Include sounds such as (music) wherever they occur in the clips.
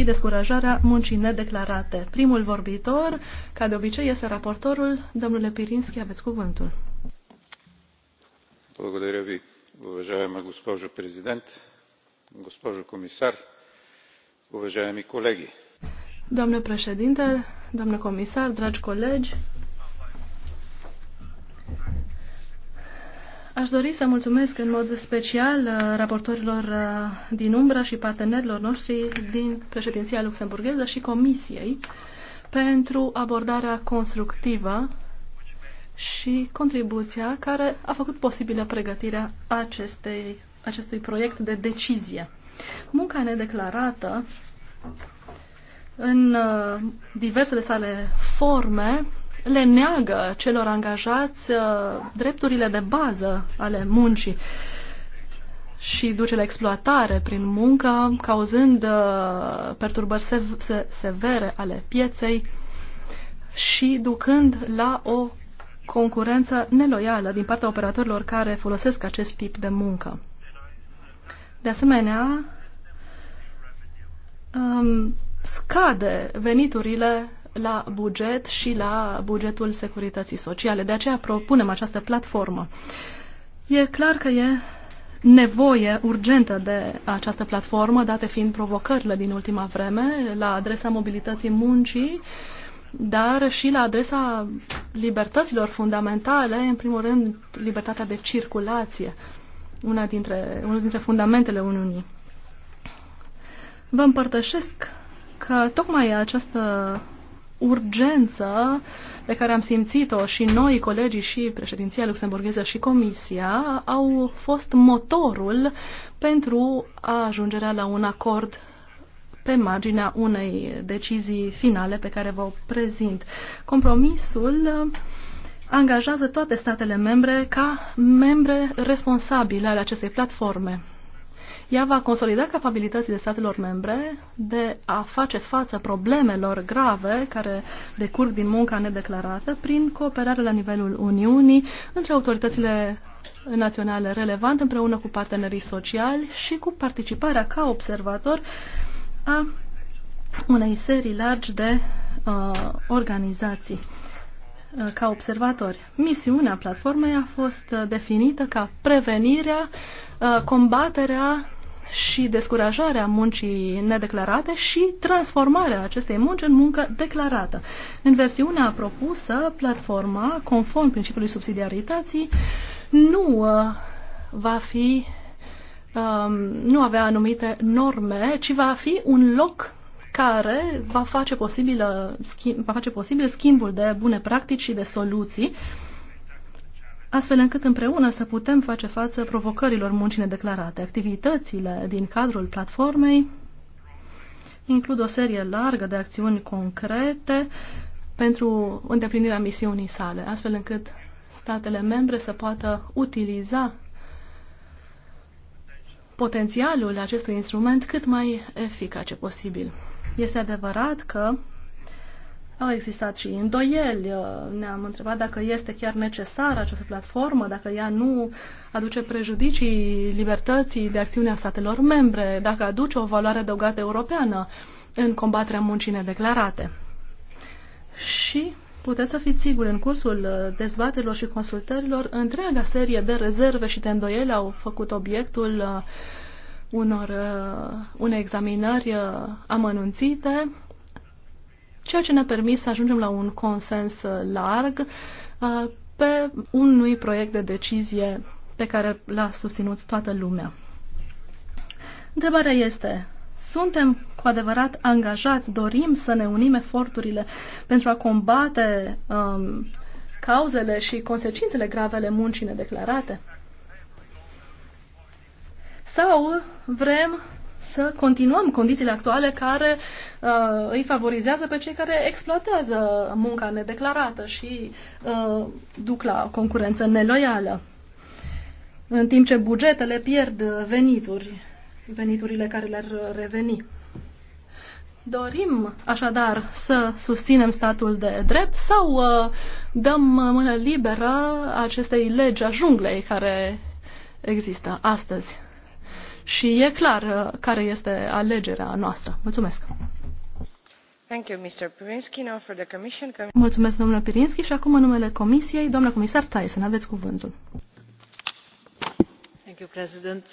și descurajarea muncii nedeclarate. Primul vorbitor, ca de obicei, este raportorul. Domnule Pirinski, aveți cuvântul. Благодаря ви, уважаема госпожо президент, госпожо комисар, уважаеми колеги. Doamnă președinte, domnule comisar, dragi colegi, Aș dori să mulțumesc în mod special uh, raportorilor uh, din Umbra și partenerilor noștri din președinția luxemburgheză și Comisiei pentru abordarea constructivă și contribuția care a făcut posibilă pregătirea acestei, acestui proiect de decizie. Munca nedeclarată în uh, diversele sale forme le neagă celor angajați uh, drepturile de bază ale muncii și duce la exploatare prin muncă, cauzând uh, perturbări severe ale pieței și ducând la o concurență neloială din partea operatorilor care folosesc acest tip de muncă. De asemenea, um, scade veniturile la buget și la bugetul securității sociale. De aceea propunem această platformă. E clar că e nevoie urgentă de această platformă, date fiind provocările din ultima vreme la adresa mobilității muncii, dar și la adresa libertăților fundamentale, în primul rând libertatea de circulație, una dintre, unul dintre fundamentele Uniunii. Vă împărtășesc că tocmai această urgență pe care am simțit-o și noi, colegii și președinția luxemburgheză și comisia, au fost motorul pentru a ajungerea la un acord pe marginea unei decizii finale pe care vă prezint. Compromisul angajează toate statele membre ca membre responsabile ale acestei platforme. Ea va consolida capabilitățile statelor membre de a face față problemelor grave care decurg din munca nedeclarată prin cooperare la nivelul Uniunii între autoritățile naționale relevante împreună cu partenerii sociali și cu participarea ca observator a unei serii largi de uh, organizații uh, ca observatori. Misiunea platformei a fost uh, definită ca prevenirea, uh, combaterea și descurajarea muncii nedeclarate și transformarea acestei munci în muncă declarată. În versiunea propusă, platforma, conform principiului subsidiarității, nu uh, va fi um, nu avea anumite norme, ci va fi un loc care va face, posibilă, schimb, va face posibil schimbul de bune practici și de soluții uh, astfel încât împreună să putem face față provocărilor muncii nedeclarate. Activitățile din cadrul platformei includ o serie largă de acțiuni concrete pentru îndeplinirea misiunii sale, astfel încât statele membre să poată utiliza potențialul acestui instrument cât mai eficace posibil. Este adevărat că au existat și îndoieli, ne-am întrebat dacă este chiar necesară această platformă, dacă ea nu aduce prejudicii libertății de acțiune a statelor membre, dacă aduce o valoare adăugată europeană în combaterea muncii nedeclarate. Și puteți să fiți siguri, în cursul dezbaterilor și consultărilor, întreaga serie de rezerve și de îndoieli au făcut obiectul uh, unor, uh, unei examinări uh, amănunțite, ceea ce ne-a permis să ajungem la un consens larg uh, pe unui proiect de decizie pe care l-a susținut toată lumea. Întrebarea este, suntem cu adevărat angajați, dorim să ne unim eforturile pentru a combate um, cauzele și consecințele grave ale muncii nedeclarate? Sau vrem să continuăm condițiile actuale care uh, îi favorizează pe cei care exploatează munca nedeclarată și uh, duc la concurență neloială. În timp ce bugetele pierd venituri, veniturile care le-ar reveni. Dorim așadar să susținem statul de drept sau uh, dăm mână liberă acestei legi a junglei care există astăzi? și e clar uh, care este alegerea noastră. Mulțumesc! Thank you, Mr. Pirinski. Now for the commission. Mulțumesc, domnule Pirinski. Și acum, în numele Comisiei, doamna comisar Tyson, aveți cuvântul. Thank you, President.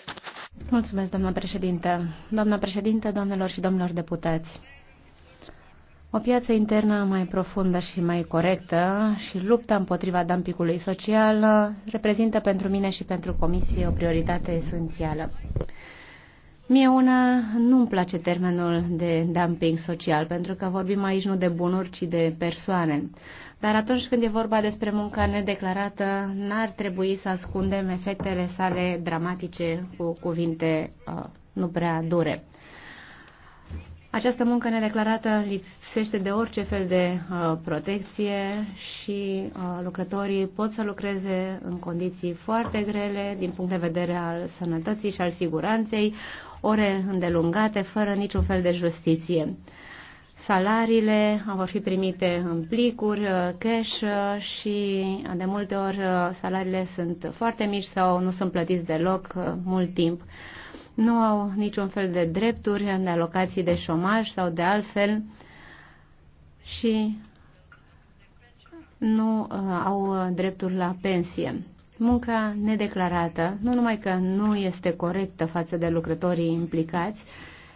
Mulțumesc, doamna președinte. Doamna președinte, doamnelor și domnilor deputați. O piață internă mai profundă și mai corectă și lupta împotriva dumpingului social reprezintă pentru mine și pentru Comisie o prioritate esențială. Mie una nu-mi place termenul de dumping social, pentru că vorbim aici nu de bunuri, ci de persoane. Dar atunci când e vorba despre munca nedeclarată, n-ar trebui să ascundem efectele sale dramatice cu cuvinte uh, nu prea dure. Această muncă nedeclarată lipsește de orice fel de uh, protecție și uh, lucrătorii pot să lucreze în condiții foarte grele din punct de vedere al sănătății și al siguranței, ore îndelungate, fără niciun fel de justiție. Salariile vor fi primite în plicuri, uh, cash uh, și uh, de multe ori salariile sunt foarte mici sau nu sunt plătiți deloc mult timp nu au niciun fel de drepturi în alocații de șomaj sau de altfel și nu uh, au uh, drepturi la pensie. Munca nedeclarată nu numai că nu este corectă față de lucrătorii implicați,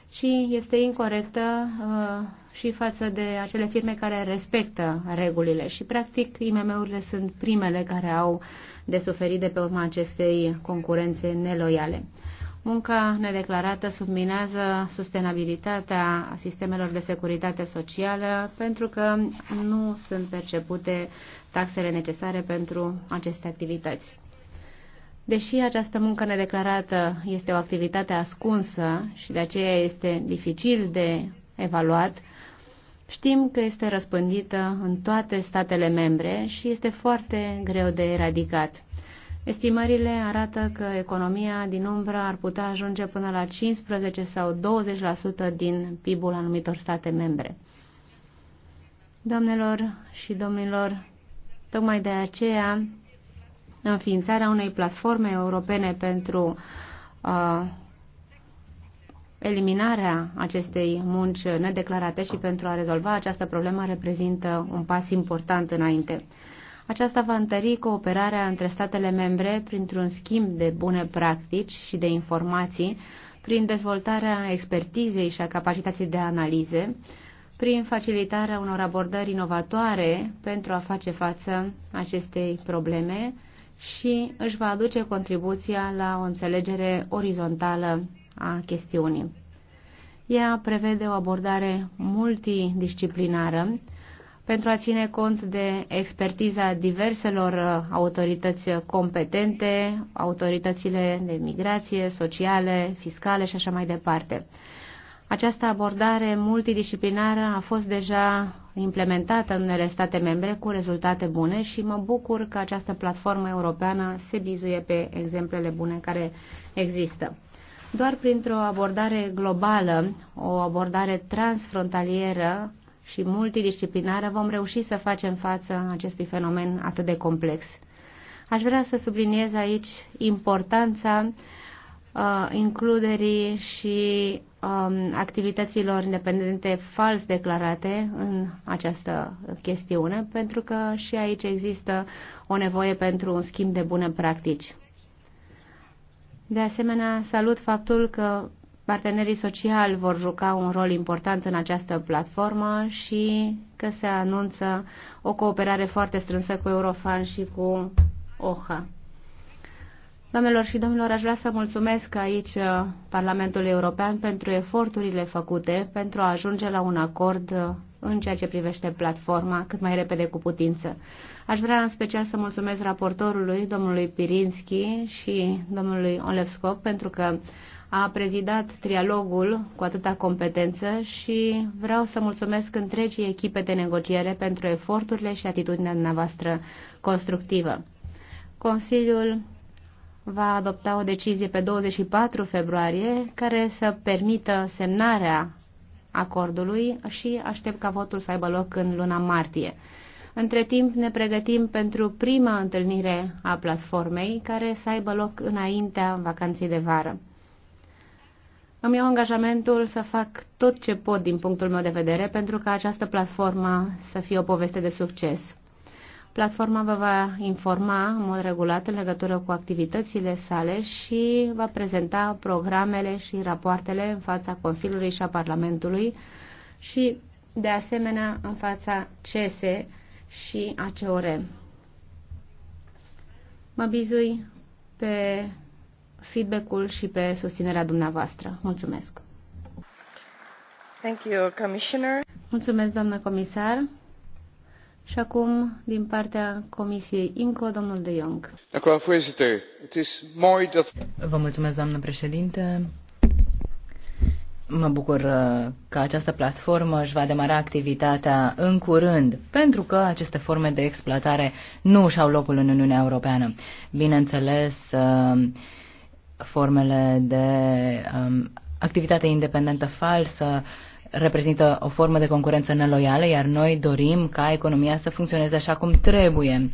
ci este incorrectă uh, și față de acele firme care respectă regulile și, practic, IMM-urile sunt primele care au de suferit de pe urma acestei concurențe neloiale. Munca nedeclarată subminează sustenabilitatea sistemelor de securitate socială pentru că nu sunt percepute taxele necesare pentru aceste activități. Deși această muncă nedeclarată este o activitate ascunsă și de aceea este dificil de evaluat, știm că este răspândită în toate statele membre și este foarte greu de eradicat. Estimările arată că economia din umbră ar putea ajunge până la 15 sau 20% din PIB-ul anumitor state membre. Doamnelor și domnilor, tocmai de aceea înființarea unei platforme europene pentru uh, eliminarea acestei munci nedeclarate și pentru a rezolva această problemă reprezintă un pas important înainte. Aceasta va întări cooperarea între statele membre printr-un schimb de bune practici și de informații, prin dezvoltarea expertizei și a capacității de analize, prin facilitarea unor abordări inovatoare pentru a face față acestei probleme și își va aduce contribuția la o înțelegere orizontală a chestiunii. Ea prevede o abordare multidisciplinară pentru a ține cont de expertiza diverselor uh, autorități competente, autoritățile de migrație, sociale, fiscale și așa mai departe. Această abordare multidisciplinară a fost deja implementată în unele state membre cu rezultate bune și mă bucur că această platformă europeană se bizuie pe exemplele bune care există. Doar printr-o abordare globală, o abordare transfrontalieră, și multidisciplinară vom reuși să facem față acestui fenomen atât de complex. Aș vrea să subliniez aici importanța uh, includerii și um, activităților independente fals declarate în această chestiune, pentru că și aici există o nevoie pentru un schimb de bune practici. De asemenea, salut faptul că partenerii sociali vor juca un rol important în această platformă și că se anunță o cooperare foarte strânsă cu Eurofan și cu OHA. Doamnelor și domnilor, aș vrea să mulțumesc aici uh, Parlamentul European pentru eforturile făcute pentru a ajunge la un acord uh, în ceea ce privește platforma cât mai repede cu putință. Aș vrea în special să mulțumesc raportorului, domnului Pirinski și domnului Olevskog, pentru că a prezidat trialogul cu atâta competență și vreau să mulțumesc întregii echipe de negociere pentru eforturile și atitudinea dumneavoastră constructivă. Consiliul va adopta o decizie pe 24 februarie care să permită semnarea acordului și aștept ca votul să aibă loc în luna martie. Între timp ne pregătim pentru prima întâlnire a platformei care să aibă loc înaintea vacanței de vară. Îmi iau angajamentul să fac tot ce pot din punctul meu de vedere pentru ca această platformă să fie o poveste de succes. Platforma vă va informa în mod regulat în legătură cu activitățile sale și va prezenta programele și rapoartele în fața Consiliului și a Parlamentului și, de asemenea, în fața CESE și ACOR. Mă bizui pe feedback-ul și pe susținerea dumneavoastră. Mulțumesc! Thank you, Commissioner. Mulțumesc, doamnă comisar. Și acum, din partea Comisiei INCO, domnul De Jong. Vă mulțumesc, doamnă președinte. Mă bucur uh, că această platformă își va demara activitatea în curând, pentru că aceste forme de exploatare nu își au locul în Uniunea Europeană. Bineînțeles, uh, formele de um, activitate independentă falsă reprezintă o formă de concurență neloială, iar noi dorim ca economia să funcționeze așa cum trebuie.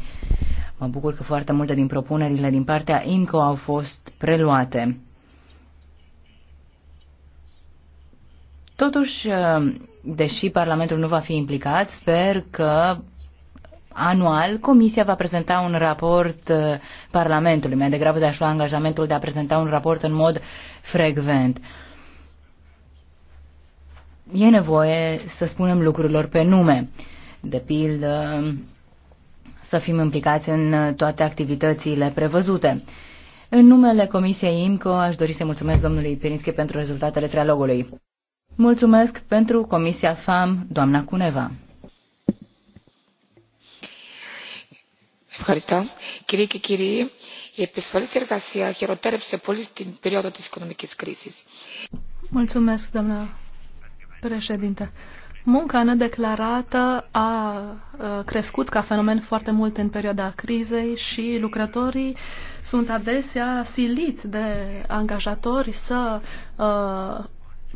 Mă bucur că foarte multe din propunerile din partea INCO au fost preluate. Totuși, uh, deși Parlamentul nu va fi implicat, sper că anual, Comisia va prezenta un raport uh, Parlamentului, mai degrabă de a-și lua angajamentul de a prezenta un raport în mod frecvent. E nevoie să spunem lucrurilor pe nume. De pildă, să fim implicați în toate activitățile prevăzute. În numele Comisiei IMCO aș dori să mulțumesc domnului Pirinski pentru rezultatele trialogului. Mulțumesc pentru Comisia FAM, doamna Cuneva. doamnă εργασία πολύ στην περίοδο Mulțumesc, doamnă președinte. Munca nedeclarată a crescut ca fenomen foarte mult în perioada crizei și lucrătorii sunt adesea siliți de angajatori să uh,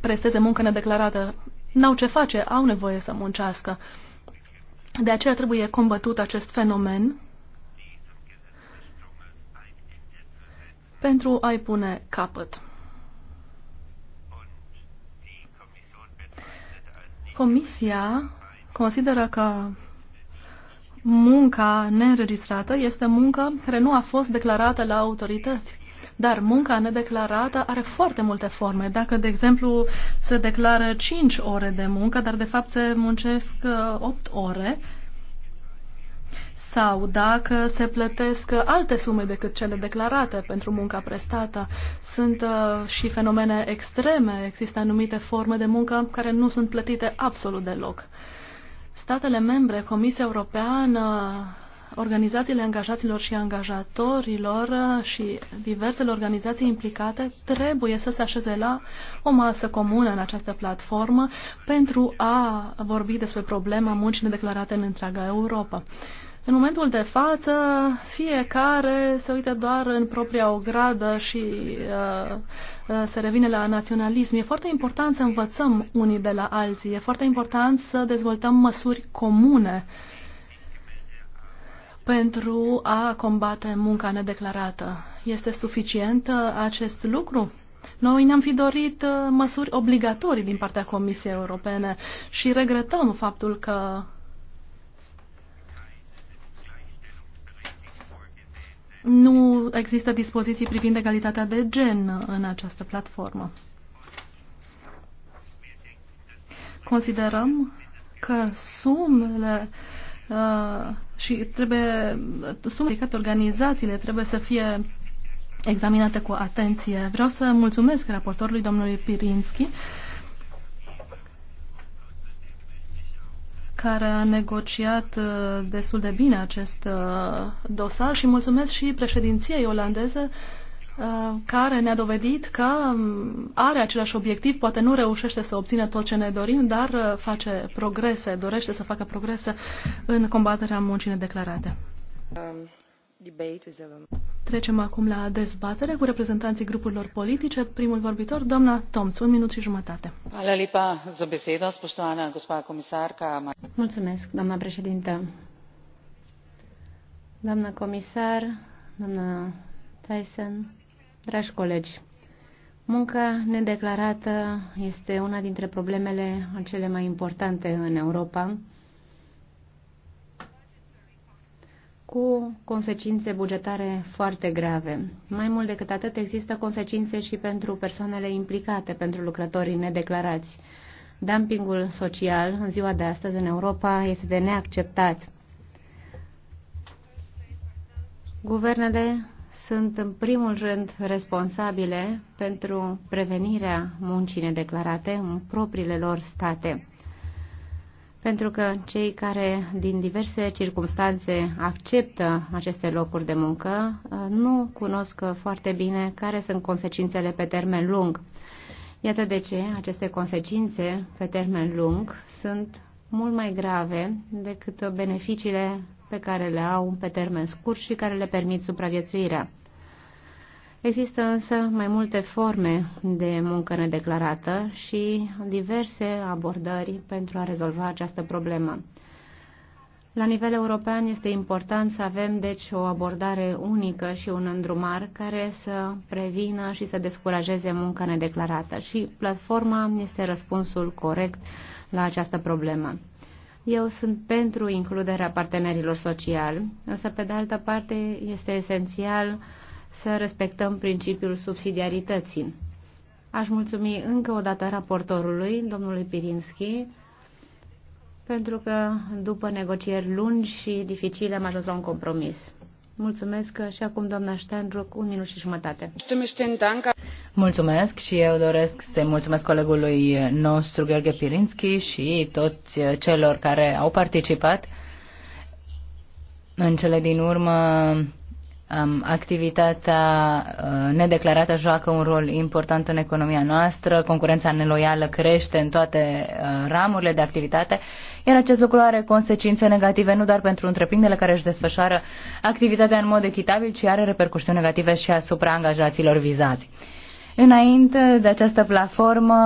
presteze muncă nedeclarată. N-au ce face, au nevoie să muncească. De aceea trebuie combătut acest fenomen pentru a-i pune capăt. Comisia consideră că munca neînregistrată este muncă care nu a fost declarată la autorități. Dar munca nedeclarată are foarte multe forme. Dacă, de exemplu, se declară 5 ore de muncă, dar de fapt se muncesc 8 uh, ore, sau dacă se plătesc alte sume decât cele declarate pentru munca prestată. Sunt uh, și fenomene extreme, există anumite forme de muncă care nu sunt plătite absolut deloc. Statele membre, Comisia Europeană, organizațiile angajaților și angajatorilor uh, și diversele organizații implicate trebuie să se așeze la o masă comună în această platformă pentru a vorbi despre problema muncii nedeclarate în întreaga Europa. În momentul de față, fiecare se uită doar în propria ogradă și uh, uh, se revine la naționalism. E foarte important să învățăm unii de la alții. E foarte important să dezvoltăm măsuri comune pentru a combate munca nedeclarată. Este suficient uh, acest lucru? Noi ne-am fi dorit uh, măsuri obligatorii din partea Comisiei Europene și regretăm faptul că Nu există dispoziții privind egalitatea de gen în această platformă. Considerăm că sumele uh, și trebuie sumele că organizațiile trebuie să fie examinate cu atenție. Vreau să mulțumesc raportorului domnului Pirinski uh, care a negociat uh, destul de bine acest uh, dosar și mulțumesc și președinției olandeze uh, care ne-a dovedit că um, are același obiectiv, poate nu reușește să obțină tot ce ne dorim, dar face progrese, dorește să facă progrese în combaterea muncii nedeclarate. Um, Trecem acum la dezbatere cu reprezentanții grupurilor politice. Primul vorbitor, doamna Tomț, un minut și jumătate. Mulțumesc, doamna președintă. Doamna comisar, doamna Tyson, dragi colegi, munca nedeclarată este una dintre problemele cele mai importante în Europa cu consecințe bugetare foarte grave. Mai mult decât atât, există consecințe și pentru persoanele implicate, pentru lucrătorii nedeclarați. Dumpingul social în ziua de astăzi în Europa este de neacceptat. Guvernele sunt în primul rând responsabile pentru prevenirea muncii nedeclarate în propriile lor state pentru că cei care din diverse circunstanțe acceptă aceste locuri de muncă uh, nu cunosc foarte bine care sunt consecințele pe termen lung. Iată de ce aceste consecințe pe termen lung sunt mult mai grave decât beneficiile pe care le au pe termen scurt și care le permit supraviețuirea. Există însă mai multe forme de muncă nedeclarată și diverse abordări pentru a rezolva această problemă. La nivel european este important să avem deci o abordare unică și un îndrumar care să prevină și să descurajeze munca nedeclarată și platforma este răspunsul corect la această problemă. Eu sunt pentru includerea partenerilor sociali, însă pe de altă parte este esențial uh, să respectăm principiul subsidiarității. Aș mulțumi încă o dată raportorului, domnului Pirinski, pentru că după negocieri lungi și dificile am ajuns la un compromis. Mulțumesc și acum, doamna Steinruck, un minut și jumătate. Mulțumesc și eu doresc să mulțumesc colegului nostru, Gheorghe Pirinski, și toți celor care au participat. În cele din urmă, activitatea uh, nedeclarată joacă un rol important în economia noastră, concurența neloială crește în toate uh, ramurile de activitate, iar acest lucru are consecințe negative nu doar pentru întreprinderile care își desfășoară activitatea în mod echitabil, ci are repercursiuni negative și asupra angajaților vizați. Înainte de această platformă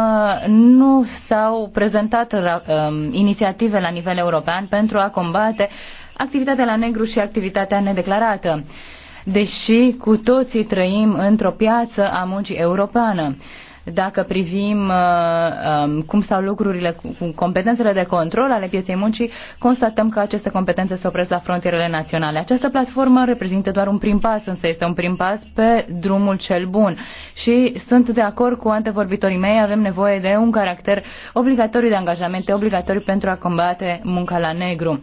nu s-au prezentat uh, um, inițiative la nivel european pentru a combate activitatea la negru și activitatea nedeclarată deși cu toții trăim într-o piață a muncii europeană dacă privim uh, um, cum stau lucrurile cu competențele de control ale pieței muncii, constatăm că aceste competențe se opresc la frontierele naționale. Această platformă reprezintă doar un prim pas, însă este un prim pas pe drumul cel bun. Și sunt de acord cu antevorbitorii mei, avem nevoie de un caracter obligatoriu de angajamente, obligatoriu pentru a combate munca la negru. Uh,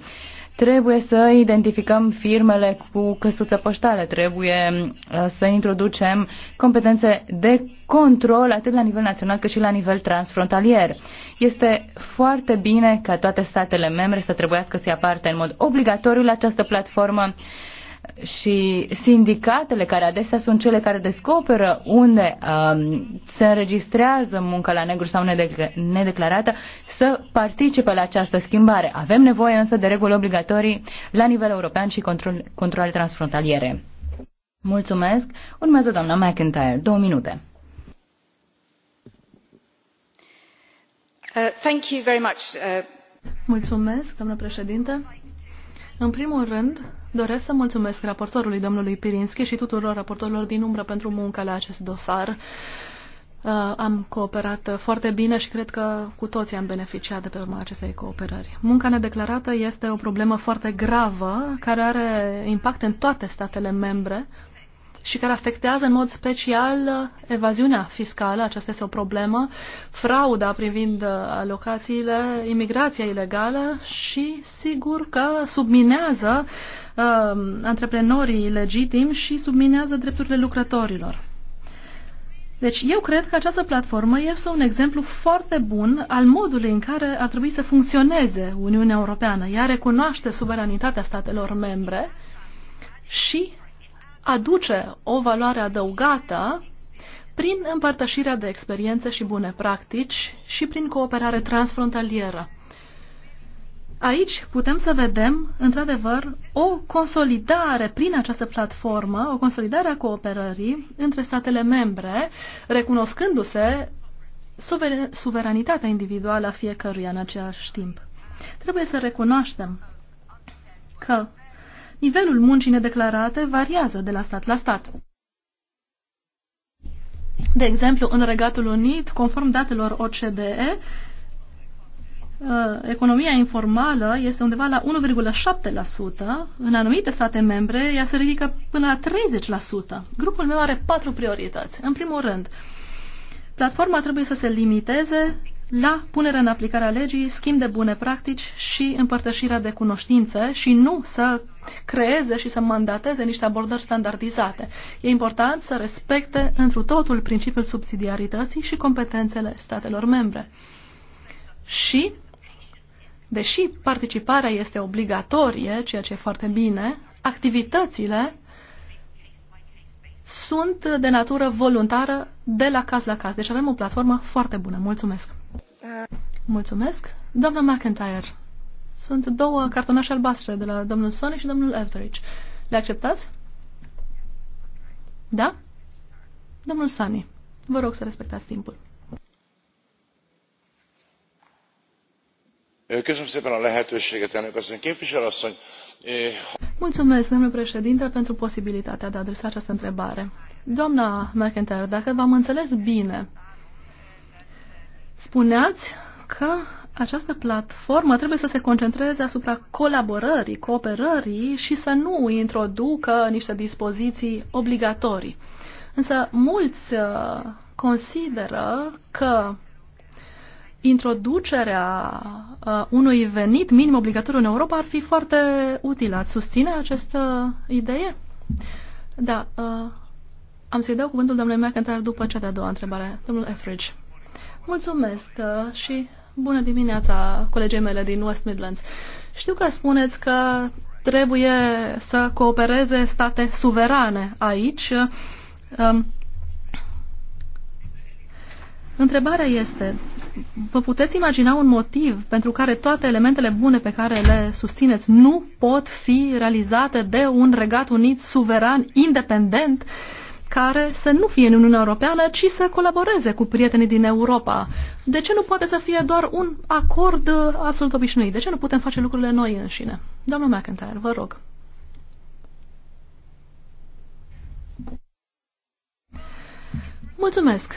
Trebuie să identificăm firmele cu căsuță poștală, trebuie uh, să introducem competențe de control atât la nivel național cât și la nivel transfrontalier. Este foarte bine ca toate statele membre să trebuiască să ia parte în mod obligatoriu la această platformă și sindicatele, care adesea sunt cele care descoperă unde um, se înregistrează munca la negru sau nedec- nedeclarată, să participe la această schimbare. Avem nevoie însă de reguli obligatorii la nivel european și control, controle transfrontaliere. Mulțumesc. Urmează doamna McIntyre. Două minute. Uh, thank you very much. Uh... Mulțumesc, doamnă președinte. În primul rând, Doresc să mulțumesc raportorului domnului Pirinski și tuturor raportorilor din umbră pentru munca la acest dosar. Uh, am cooperat foarte bine și cred că cu toții am beneficiat de pe urma acestei cooperări. Munca nedeclarată este o problemă foarte gravă care are impact în toate statele membre și care afectează în mod special evaziunea fiscală, aceasta este o problemă, frauda privind alocațiile, imigrația ilegală și sigur că subminează uh, antreprenorii legitimi și subminează drepturile lucrătorilor. Deci eu cred că această platformă este un exemplu foarte bun al modului în care ar trebui să funcționeze Uniunea Europeană. Ea recunoaște suveranitatea statelor membre și aduce o valoare adăugată prin împărtășirea de experiențe și bune practici și prin cooperare transfrontalieră. Aici putem să vedem, într-adevăr, o consolidare prin această platformă, o consolidare a cooperării între statele membre, recunoscându-se suveranitatea individuală a fiecăruia în același timp. Trebuie să recunoaștem că nivelul muncii nedeclarate variază de la stat la stat. De exemplu, în Regatul Unit, conform datelor OCDE, Uh, economia informală este undeva la 1,7%, în anumite state membre ea se ridică până la 30%. Grupul meu are patru priorități. În primul rând, platforma trebuie să se limiteze la punerea în aplicare a legii, schimb de bune practici și împărtășirea de cunoștințe și nu să creeze și să mandateze niște abordări standardizate. E important să respecte întru totul principiul subsidiarității și competențele statelor membre. Și deși participarea este obligatorie, ceea ce e foarte bine, activitățile sunt de natură voluntară de la caz la caz. Deci avem o platformă foarte bună. Mulțumesc! Mulțumesc! Doamna McIntyre, sunt două cartonașe albastre de la domnul Sonic și domnul Etheridge. Le acceptați? Da? Domnul Sani, vă rog să respectați timpul. Mulțumesc, domnule președinte, pentru posibilitatea de a adresa această întrebare. doamnă McIntyre, dacă v-am înțeles bine, spuneați că această platformă trebuie să se concentreze asupra colaborării, cooperării și să nu introducă niște dispoziții obligatorii. Însă mulți uh, consideră că introducerea uh, unui venit minim obligatoriu în Europa ar fi foarte utilă. Ați susține această idee? Da. Uh, am să-i dau cuvântul doamnei McIntyre după cea de-a doua întrebare. Domnul Etheridge. Mulțumesc uh, și bună dimineața colegii mele din West Midlands. Știu că spuneți că trebuie să coopereze state suverane aici. Uh, Întrebarea este, vă puteți imagina un motiv pentru care toate elementele bune pe care le susțineți nu pot fi realizate de un regat unit suveran, independent, care să nu fie în Uniunea Europeană, ci să colaboreze cu prietenii din Europa. De ce nu poate să fie doar un acord uh, absolut obișnuit? De ce nu putem face lucrurile noi înșine? Doamna McIntyre, vă rog. Mulțumesc.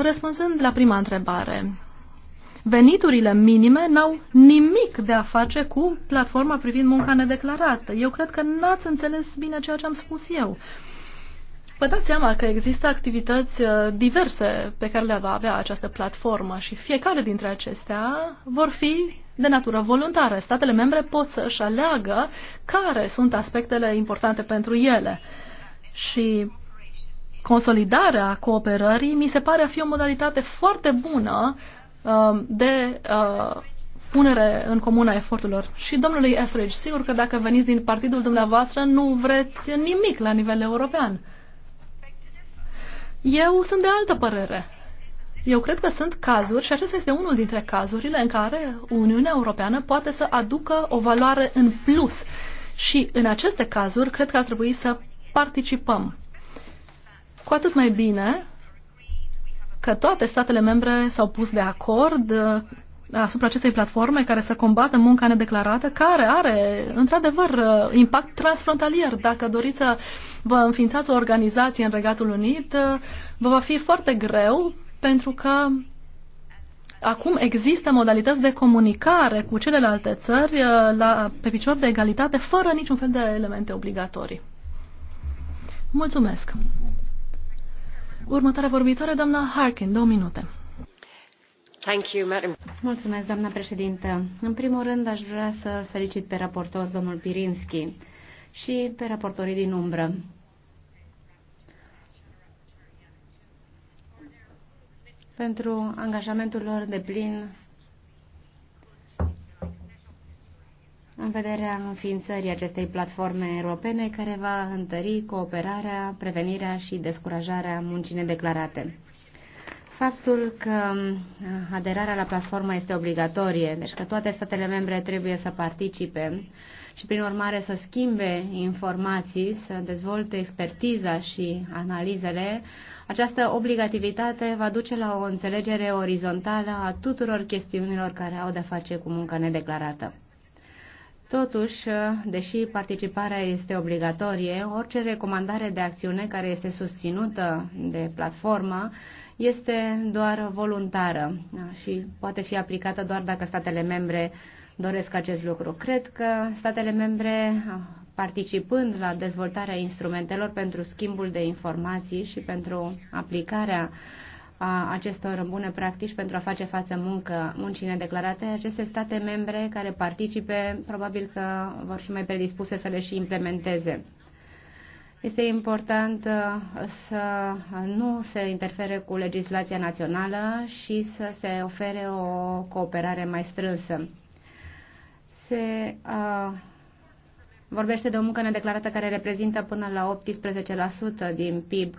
Răspunzând la prima întrebare, veniturile minime n-au nimic de a face cu platforma privind munca nedeclarată. Eu cred că n-ați înțeles bine ceea ce am spus eu. Vă dați seama că există activități uh, diverse pe care le va avea această platformă și fiecare dintre acestea vor fi de natură voluntară. Statele membre pot să-și aleagă care sunt aspectele importante pentru ele. Și consolidarea cooperării mi se pare a fi o modalitate foarte bună um, de uh, punere în comun a eforturilor. Și domnului Efridge, sigur că dacă veniți din partidul dumneavoastră, nu vreți nimic la nivel european. Eu sunt de altă părere. Eu cred că sunt cazuri, și acesta este unul dintre cazurile în care Uniunea Europeană poate să aducă o valoare în plus. Și în aceste cazuri, cred că ar trebui să participăm. Cu atât mai bine că toate statele membre s-au pus de acord uh, asupra acestei platforme care să combată munca nedeclarată, care are, într-adevăr, uh, impact transfrontalier. Dacă doriți să vă înființați o organizație în Regatul Unit, uh, vă va fi foarte greu pentru că acum există modalități de comunicare cu celelalte țări la, pe picior de egalitate, fără niciun fel de elemente obligatorii. Mulțumesc! Următoarea vorbitoare, doamna Harkin, două minute. Mulțumesc, doamna președintă. În primul rând, aș vrea să felicit pe raportor, domnul Pirinski, și pe raportorii din umbră. pentru angajamentul lor de plin în vederea înființării acestei platforme europene care va întări cooperarea, prevenirea și descurajarea muncii nedeclarate. Faptul că uh, aderarea la platformă este obligatorie, deci că toate statele membre trebuie să participe și, prin urmare, să schimbe informații, să dezvolte expertiza și analizele, această obligativitate va duce la o înțelegere orizontală a tuturor chestiunilor care au de-a face cu munca nedeclarată. Totuși, deși participarea este obligatorie, orice recomandare de acțiune care este susținută de platformă este doar voluntară și poate fi aplicată doar dacă statele membre doresc acest lucru. Cred că statele membre, participând la dezvoltarea instrumentelor pentru schimbul de informații și pentru aplicarea uh, a acestor bune practici pentru a face față muncă, muncii nedeclarate, aceste state membre care participe probabil că vor fi mai predispuse să le și implementeze. Este important uh, să nu se interfere cu legislația națională și să se ofere o cooperare mai strânsă. Se a, uh, vorbește de o muncă nedeclarată care reprezintă până la 18% din PIB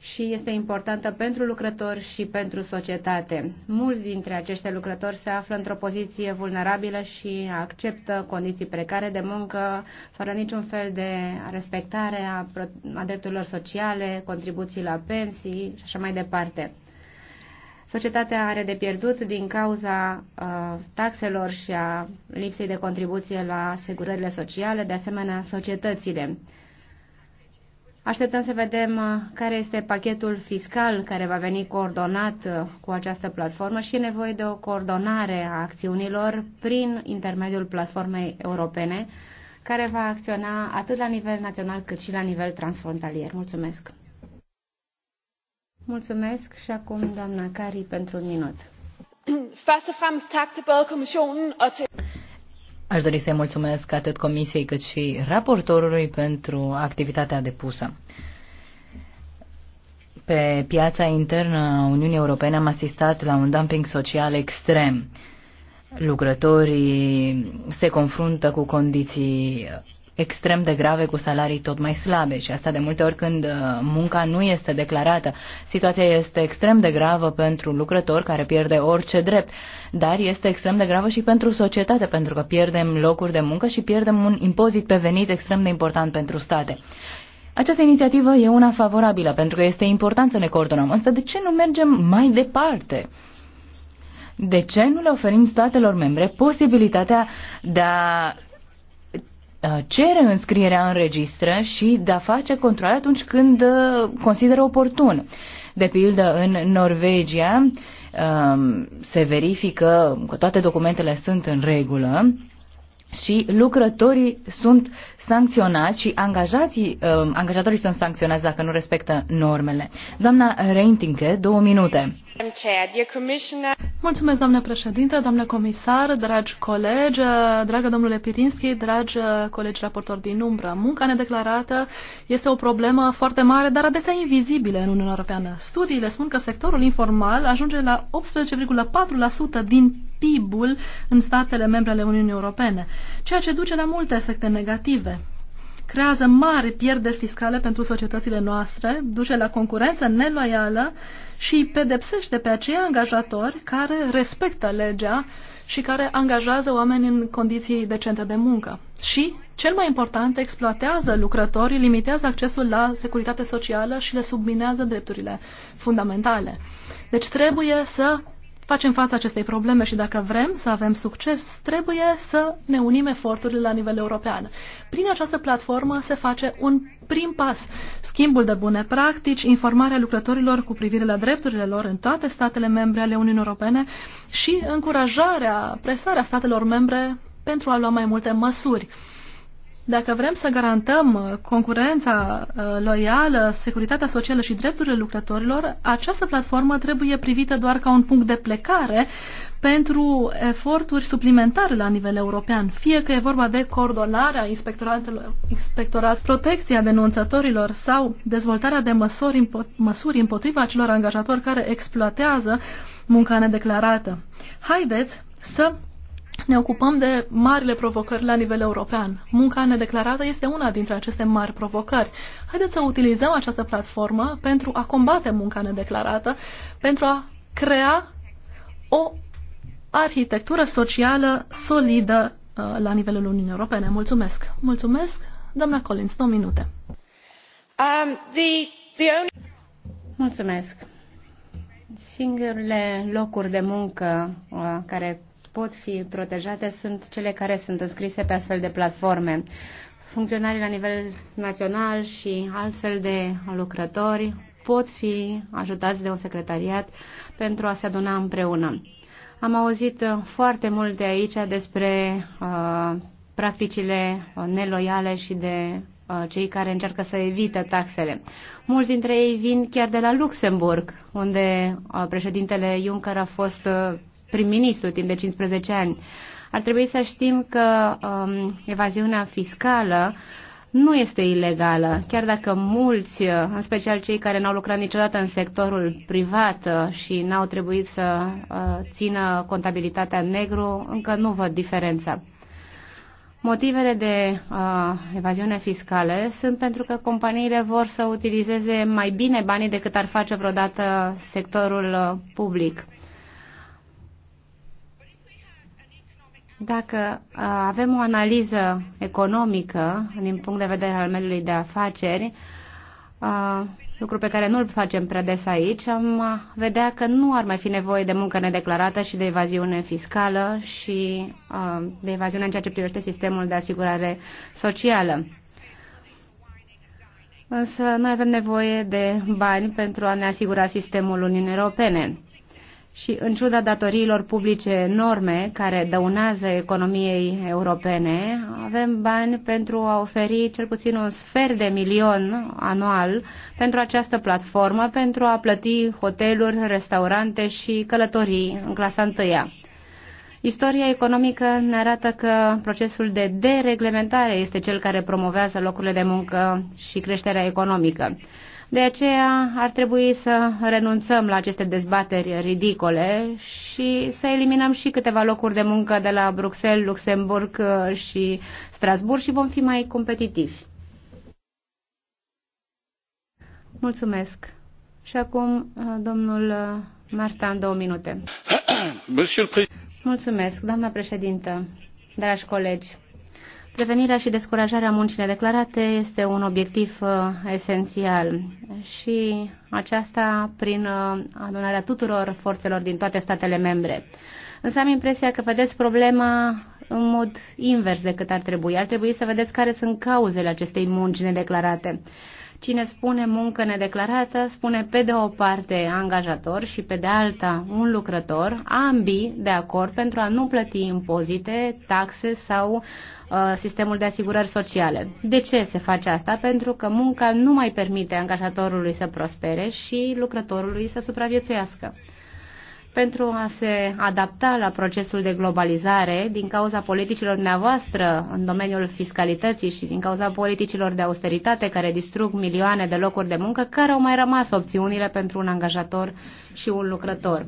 și este importantă pentru lucrători și pentru societate. Mulți dintre acești lucrători se află într-o poziție vulnerabilă și acceptă condiții precare de muncă, fără niciun fel de respectare a, a drepturilor sociale, contribuții la pensii și așa mai departe. Societatea are de pierdut din cauza uh, taxelor și a lipsei de contribuție la asigurările sociale, de asemenea societățile. Așteptăm să vedem uh, care este pachetul fiscal care va veni coordonat uh, cu această platformă și e nevoie de o coordonare a acțiunilor prin intermediul platformei europene, care va acționa atât la nivel național cât și la nivel transfrontalier. Mulțumesc! Mulțumesc și acum doamna Cari pentru un minut. Aș dori să-i mulțumesc atât comisiei cât și raportorului pentru activitatea depusă. Pe piața internă a Uniunii Europene am asistat la un dumping social extrem. Lucrătorii se confruntă cu condiții extrem de grave cu salarii tot mai slabe și asta de multe ori când uh, munca nu este declarată. Situația este extrem de gravă pentru lucrător care pierde orice drept, dar este extrem de gravă și pentru societate pentru că pierdem locuri de muncă și pierdem un impozit pe venit extrem de important pentru state. Această inițiativă e una favorabilă pentru că este important să ne coordonăm, însă de ce nu mergem mai departe? De ce nu le oferim statelor membre posibilitatea de a Uh, cere înscrierea în registră și de a face control atunci când uh, consideră oportun. De pildă, în Norvegia um, se verifică că toate documentele sunt în regulă și lucrătorii sunt sancționați și angajații, uh, angajatorii sunt sancționați dacă nu respectă normele. Doamna Reintinke, două minute. Mulțumesc, doamnă președinte, doamnă comisar, dragi colegi, dragă domnule Pirinski, dragi colegi raportori din umbră. Munca nedeclarată este o problemă foarte mare, dar adesea invizibilă în Uniunea Europeană. Studiile spun că sectorul informal ajunge la 18,4% din PIB-ul în statele membre ale Uniunii Europene, ceea ce duce la multe efecte negative creează mari pierderi fiscale pentru societățile noastre, duce la concurență neloială și pedepsește pe acei angajatori care respectă legea și care angajează oameni în condiții decente de muncă. Și, cel mai important, exploatează lucrătorii, limitează accesul la securitate socială și le subminează drepturile fundamentale. Deci trebuie să facem față acestei probleme și dacă vrem să avem succes, trebuie să ne unim eforturile la nivel european. Prin această platformă se face un prim pas. Schimbul de bune practici, informarea lucrătorilor cu privire la drepturile lor în toate statele membre ale Uniunii Europene și încurajarea, presarea statelor membre pentru a lua mai multe măsuri. Dacă vrem să garantăm uh, concurența uh, loială, securitatea socială și drepturile lucrătorilor, această platformă trebuie privită doar ca un punct de plecare pentru eforturi suplimentare la nivel european, fie că e vorba de coordonarea inspectoratelor, inspectorat, protecția denunțătorilor sau dezvoltarea de măsuri, măsuri împotriva acelor angajatori care exploatează munca nedeclarată. Haideți să ne ocupăm de marile provocări la nivel european. Munca nedeclarată este una dintre aceste mari provocări. Haideți să utilizăm această platformă pentru a combate munca nedeclarată, pentru a crea o arhitectură socială solidă uh, la nivelul Uniunii Europene. Mulțumesc! Mulțumesc, doamna Collins, două minute. Um, the, the only... Mulțumesc! Singurele locuri de muncă uh, care pot fi protejate sunt cele care sunt înscrise pe astfel de platforme. Funcționarii la nivel național și altfel de lucrători pot fi ajutați de un secretariat pentru a se aduna împreună. Am auzit foarte multe aici despre uh, practicile uh, neloiale și de uh, cei care încearcă să evite taxele. Mulți dintre ei vin chiar de la Luxemburg, unde uh, președintele Juncker a fost uh, prim-ministru timp de 15 ani. Ar trebui să știm că um, evaziunea fiscală nu este ilegală, chiar dacă mulți, în special cei care n-au lucrat niciodată în sectorul privat uh, și n-au trebuit să uh, țină contabilitatea negru, încă nu văd diferența. Motivele de uh, evaziune fiscale sunt pentru că companiile vor să utilizeze mai bine banii decât ar face vreodată sectorul uh, public. Dacă uh, avem o analiză economică din punct de vedere al mediului de afaceri, uh, lucru pe care nu-l facem prea des aici, am uh, vedea că nu ar mai fi nevoie de muncă nedeclarată și de evaziune fiscală și de evaziune în ceea ce privește sistemul de asigurare socială. Însă noi avem nevoie de bani pentru a ne asigura sistemul Uniunii Europene și în ciuda datoriilor publice enorme care dăunează economiei europene, avem bani pentru a oferi cel puțin un sfert de milion anual pentru această platformă, pentru a plăti hoteluri, restaurante și călătorii în clasa întâia. Istoria economică ne arată că procesul de dereglementare este cel care promovează locurile de muncă și creșterea economică. De aceea ar trebui să renunțăm la aceste dezbateri ridicole și să eliminăm și câteva locuri de muncă de la Bruxelles, Luxemburg uh, și Strasburg și vom fi mai competitivi. Mulțumesc. Și acum uh, domnul uh, Martin, două minute. (coughs) Mulțumesc, doamna președintă, dragi colegi. Prevenirea și descurajarea muncii nedeclarate este un obiectiv uh, esențial și aceasta prin uh, adunarea tuturor forțelor din toate statele membre. Însă am impresia că vedeți problema în mod invers decât ar trebui. Ar trebui să vedeți care sunt cauzele acestei munci nedeclarate. Cine spune muncă nedeclarată, spune pe de o parte angajator și pe de alta un lucrător, ambii de acord pentru a nu plăti impozite, taxe sau Uh, sistemul de asigurări sociale. De ce se face asta? Pentru că munca nu mai permite angajatorului să prospere și lucrătorului să supraviețuiască. Pentru a se adapta la procesul de globalizare, din cauza politicilor dumneavoastră în domeniul fiscalității și din cauza politicilor de austeritate care distrug milioane de locuri de muncă, care au mai rămas opțiunile pentru un angajator și un lucrător?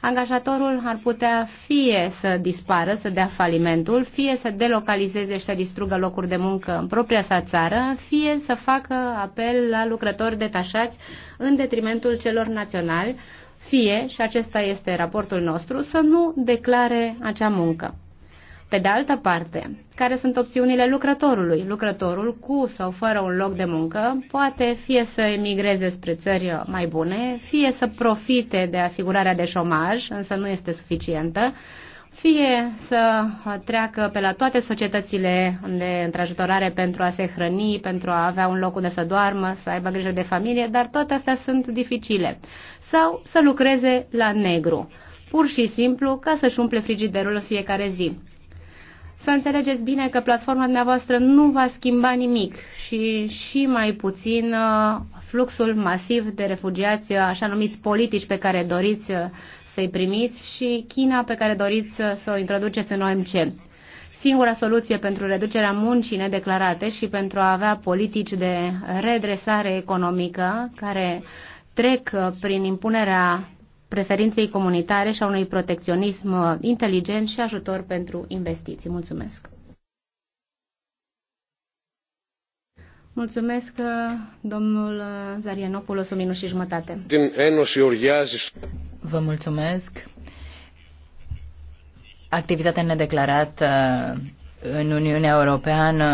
angajatorul ar putea fie să dispară, să dea falimentul, fie să delocalizeze și să distrugă locuri de muncă în propria sa țară, fie să facă apel la lucrători detașați în detrimentul celor naționali, fie, și acesta este raportul nostru, să nu declare acea muncă. Pe de altă parte, care sunt opțiunile lucrătorului? Lucrătorul, cu sau fără un loc de muncă, poate fie să emigreze spre țări mai bune, fie să profite de asigurarea de șomaj, însă nu este suficientă, fie să treacă pe la toate societățile de întrajutorare pentru a se hrăni, pentru a avea un loc unde să doarmă, să aibă grijă de familie, dar toate astea sunt dificile. Sau să lucreze la negru, pur și simplu ca să-și umple frigiderul în fiecare zi să înțelegeți bine că platforma dumneavoastră nu va schimba nimic și și mai puțin uh, fluxul masiv de refugiați, uh, așa numiți politici pe care doriți uh, să-i primiți și China pe care doriți să o introduceți în OMC. Singura soluție pentru reducerea muncii nedeclarate și pentru a avea politici de redresare economică care trec prin impunerea preferinței comunitare și a unui protecționism inteligent și ajutor pentru investiții. Mulțumesc! Mulțumesc, domnul Zarianopoulos, o minut și jumătate. Vă mulțumesc. Activitatea nedeclarată uh, în Uniunea Europeană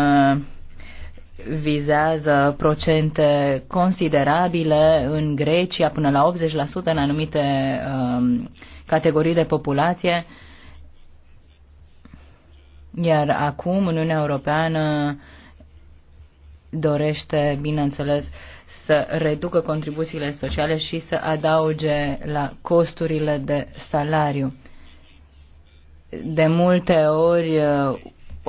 vizează procente considerabile în Grecia, până la 80% în anumite um, categorii de populație. Iar acum Uniunea Europeană dorește, bineînțeles, să reducă contribuțiile sociale și să adauge la costurile de salariu. De multe ori,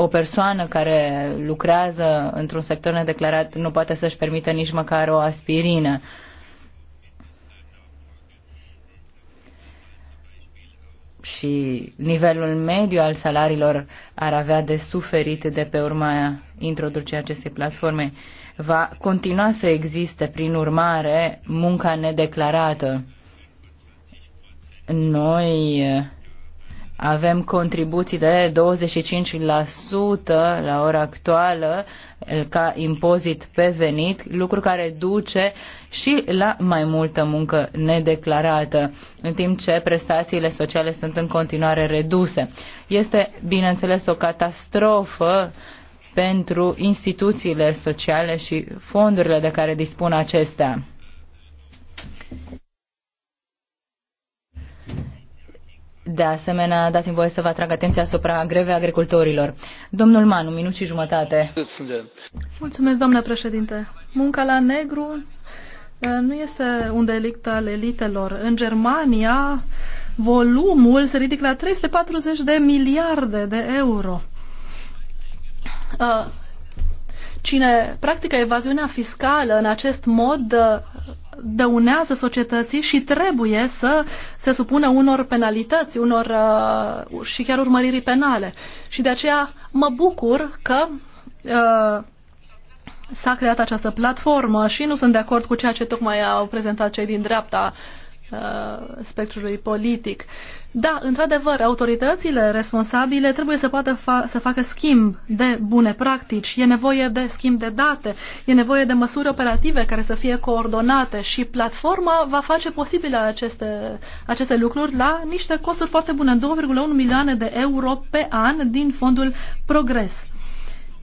o persoană care lucrează într-un sector nedeclarat nu poate să-și permită nici măcar o aspirină. Și nivelul mediu al salariilor ar avea de suferit de pe urma introducerii acestei platforme. Va continua să existe, prin urmare, munca nedeclarată. Noi avem contribuții de 25% la ora actuală ca impozit pe venit, lucru care duce și la mai multă muncă nedeclarată, în timp ce prestațiile sociale sunt în continuare reduse. Este, bineînțeles, o catastrofă pentru instituțiile sociale și fondurile de care dispun acestea. De asemenea, dați-mi voie să vă atrag atenția asupra grevei agricultorilor. Domnul Manu, minut și jumătate. Mulțumesc, domnule președinte. Munca la negru eh, nu este un delict al elitelor. În Germania, volumul se ridică la 340 de miliarde de euro. Eh, cine practică evaziunea fiscală în acest mod eh, dăunează societății și trebuie să se supună unor penalități unor, uh, și chiar urmăririi penale. Și de aceea mă bucur că uh, s-a creat această platformă și nu sunt de acord cu ceea ce tocmai au prezentat cei din dreapta Uh, spectrului politic. Da, într-adevăr, autoritățile responsabile trebuie să poată fa să facă schimb de bune practici. E nevoie de schimb de date, e nevoie de măsuri operative care să fie coordonate și platforma va face posibile aceste, aceste lucruri la niște costuri foarte bune, 2,1 milioane de euro pe an din fondul Progres.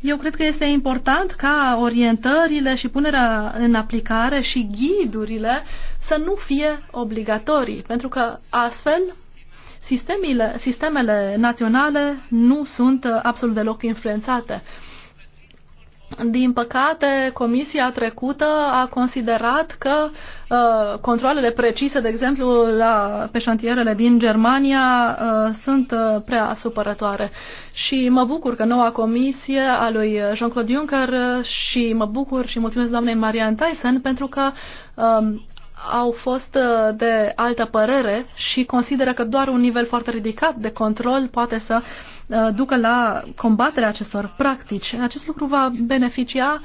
Eu cred că este important ca orientările și punerea în aplicare și ghidurile să nu fie obligatorii, pentru că astfel sistemele, naționale nu sunt absolut deloc influențate. Uh, din păcate, comisia trecută a considerat că uh, controlele precise, de exemplu, la, pe șantierele din Germania, uh, sunt uh, prea supărătoare. Și mă bucur că noua comisie a lui Jean-Claude Juncker și mă bucur și mulțumesc doamnei Marian Tyson pentru că um, au fost uh, de altă părere și consideră că doar un nivel foarte ridicat de control poate să uh, ducă la combaterea acestor practici. Acest lucru va beneficia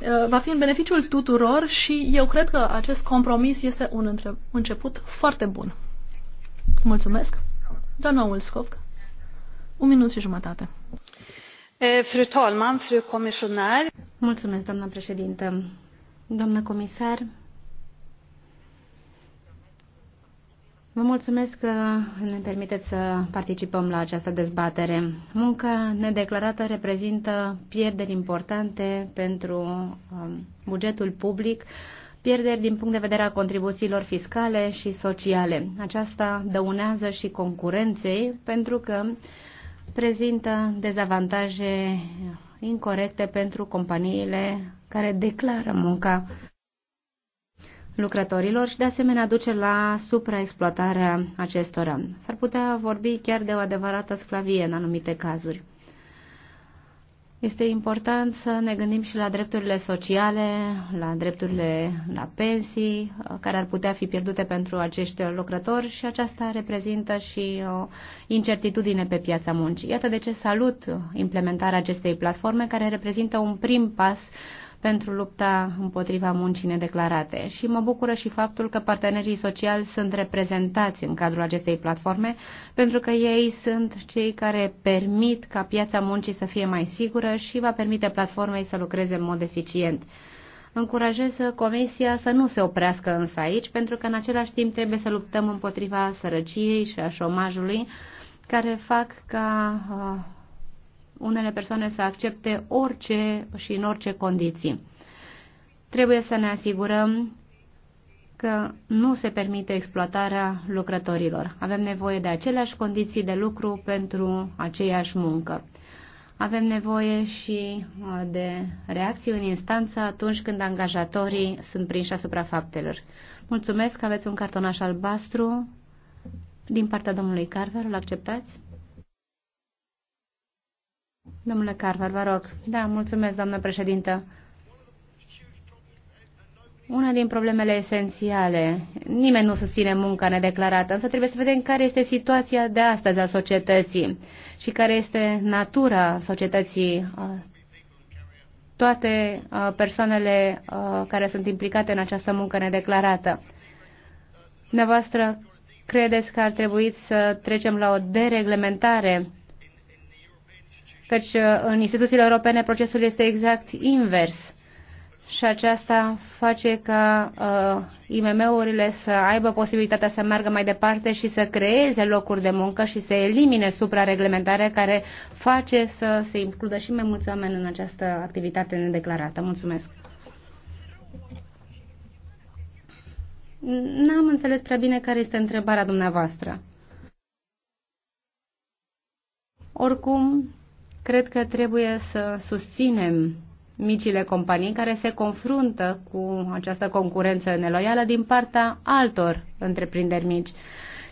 uh, va fi în beneficiul tuturor și eu cred că acest compromis este un început foarte bun. Mulțumesc. Doamna Ulskov, un minut și jumătate. Fru talman, fru comisionar. Mulțumesc, doamna președintă. Doamna comisar, Vă mulțumesc că ne permiteți să participăm la această dezbatere. Munca nedeclarată reprezintă pierderi importante pentru um, bugetul public, pierderi din punct de vedere a contribuțiilor fiscale și sociale. Aceasta dăunează și concurenței pentru că prezintă dezavantaje incorrecte pentru companiile care declară munca lucrătorilor și de asemenea duce la supraexploatarea acestora. S-ar putea vorbi chiar de o adevărată sclavie în anumite cazuri. Este important să ne gândim și la drepturile sociale, la drepturile la pensii, care ar putea fi pierdute pentru acești lucrători și aceasta reprezintă și o incertitudine pe piața muncii. Iată de ce salut implementarea acestei platforme, care reprezintă un prim pas pentru lupta împotriva muncii nedeclarate. Și mă bucură și faptul că partenerii sociali sunt reprezentați în cadrul acestei platforme, pentru că ei sunt cei care permit ca piața muncii să fie mai sigură și va permite platformei să lucreze în mod eficient. Încurajez Comisia să nu se oprească însă aici, pentru că în același timp trebuie să luptăm împotriva sărăciei și a șomajului, care fac ca uh, unele persoane să accepte orice și în orice condiții. Trebuie să ne asigurăm că nu se permite exploatarea lucrătorilor. Avem nevoie de aceleași condiții de lucru pentru aceeași muncă. Avem nevoie și uh, de reacții în instanță atunci când angajatorii sunt prinși asupra faptelor. Mulțumesc că aveți un cartonaș albastru din partea domnului Carver. Îl acceptați? Domnule Carver, vă rog. Da, mulțumesc, doamnă președintă. Una din problemele esențiale. Nimeni nu susține munca nedeclarată, însă trebuie să vedem care este situația de astăzi a societății și care este natura societății. Toate persoanele care sunt implicate în această muncă nedeclarată. Dumneavoastră, credeți că ar trebui să trecem la o dereglementare căci uh, în instituțiile europene procesul este exact invers. Și aceasta face ca uh, IMM-urile să aibă posibilitatea să meargă mai departe și să creeze locuri de muncă și să elimine suprareglementarea care face să se includă și mai mulți oameni în această activitate nedeclarată. Mulțumesc! N-am înțeles prea bine care este întrebarea dumneavoastră. Oricum, Cred că trebuie să susținem micile companii care se confruntă cu această concurență neloială din partea altor întreprinderi mici.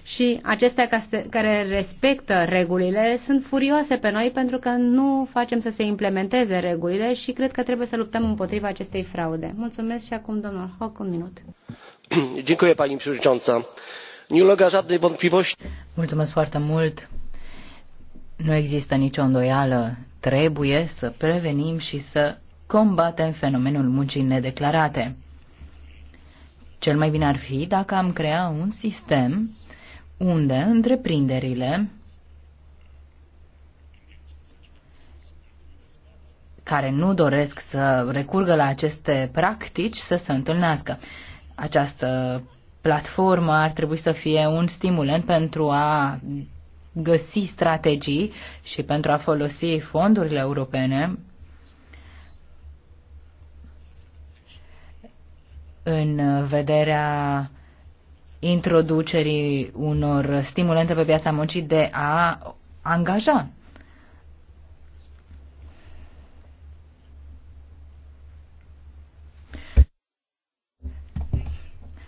Și acestea care respectă regulile sunt furioase pe noi pentru că nu facem să se implementeze regulile și cred că trebuie să luptăm împotriva acestei fraude. Mulțumesc și acum, domnul Hoc, un minut. Mulțumesc foarte mult. Nu există nicio îndoială, trebuie să prevenim și să combatem fenomenul muncii nedeclarate. Cel mai bine ar fi dacă am crea un sistem unde întreprinderile care nu doresc să recurgă la aceste practici să se întâlnească. Această platformă ar trebui să fie un stimulant pentru a găsi strategii și pentru a folosi fondurile europene în vederea introducerii unor stimulente pe piața muncii de a angaja.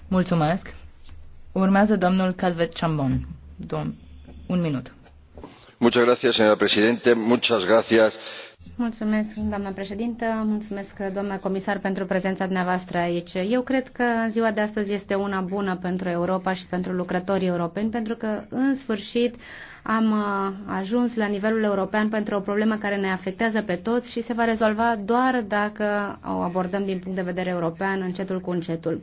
Mulțumesc. Urmează domnul Calvet Chambon. Domn doamnă președintă, mulțumesc, doamna comisar, pentru prezența dumneavoastră aici. Eu cred că ziua de astăzi este una bună pentru Europa și pentru lucrătorii europeni, pentru că, în sfârșit, am uh, ajuns la nivelul european pentru o problemă care ne afectează pe toți și se va rezolva doar dacă o abordăm din punct de vedere european, încetul cu încetul.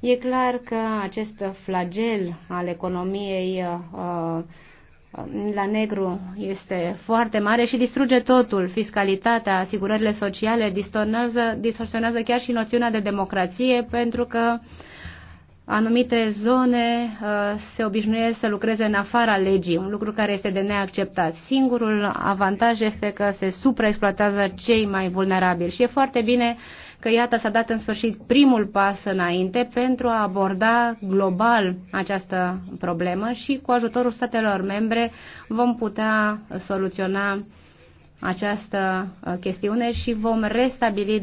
E clar că acest flagel al economiei uh, la negru este foarte mare și distruge totul. Fiscalitatea, asigurările sociale distorsionează, distorsionează chiar și noțiunea de democrație pentru că anumite zone uh, se obișnuie să lucreze în afara legii, un lucru care este de neacceptat. Singurul avantaj este că se supraexploatează cei mai vulnerabili și e foarte bine uh, că iată s-a dat în sfârșit primul pas înainte pentru a aborda global această problemă și cu ajutorul statelor membre vom putea soluționa această uh, chestiune și vom restabili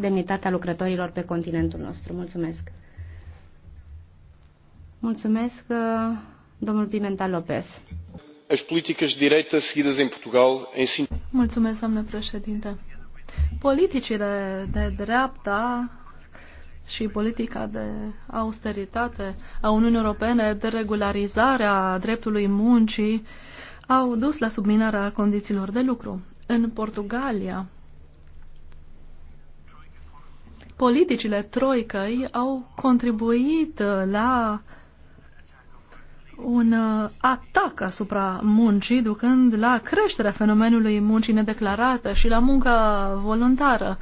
demnitatea lucrătorilor pe continentul nostru. Mulțumesc! Mulțumesc, uh, domnul Pimenta Lopez. As políticas de direita seguidas em Portugal em Mulțumesc, doamnă președinte. Politicile de dreapta și politica de austeritate a Uniunii Europene, de regularizarea dreptului muncii, au dus la subminarea condițiilor de lucru. În Portugalia, politicile troicăi au contribuit la un uh, atac asupra muncii, ducând la creșterea fenomenului muncii nedeclarată și la munca voluntară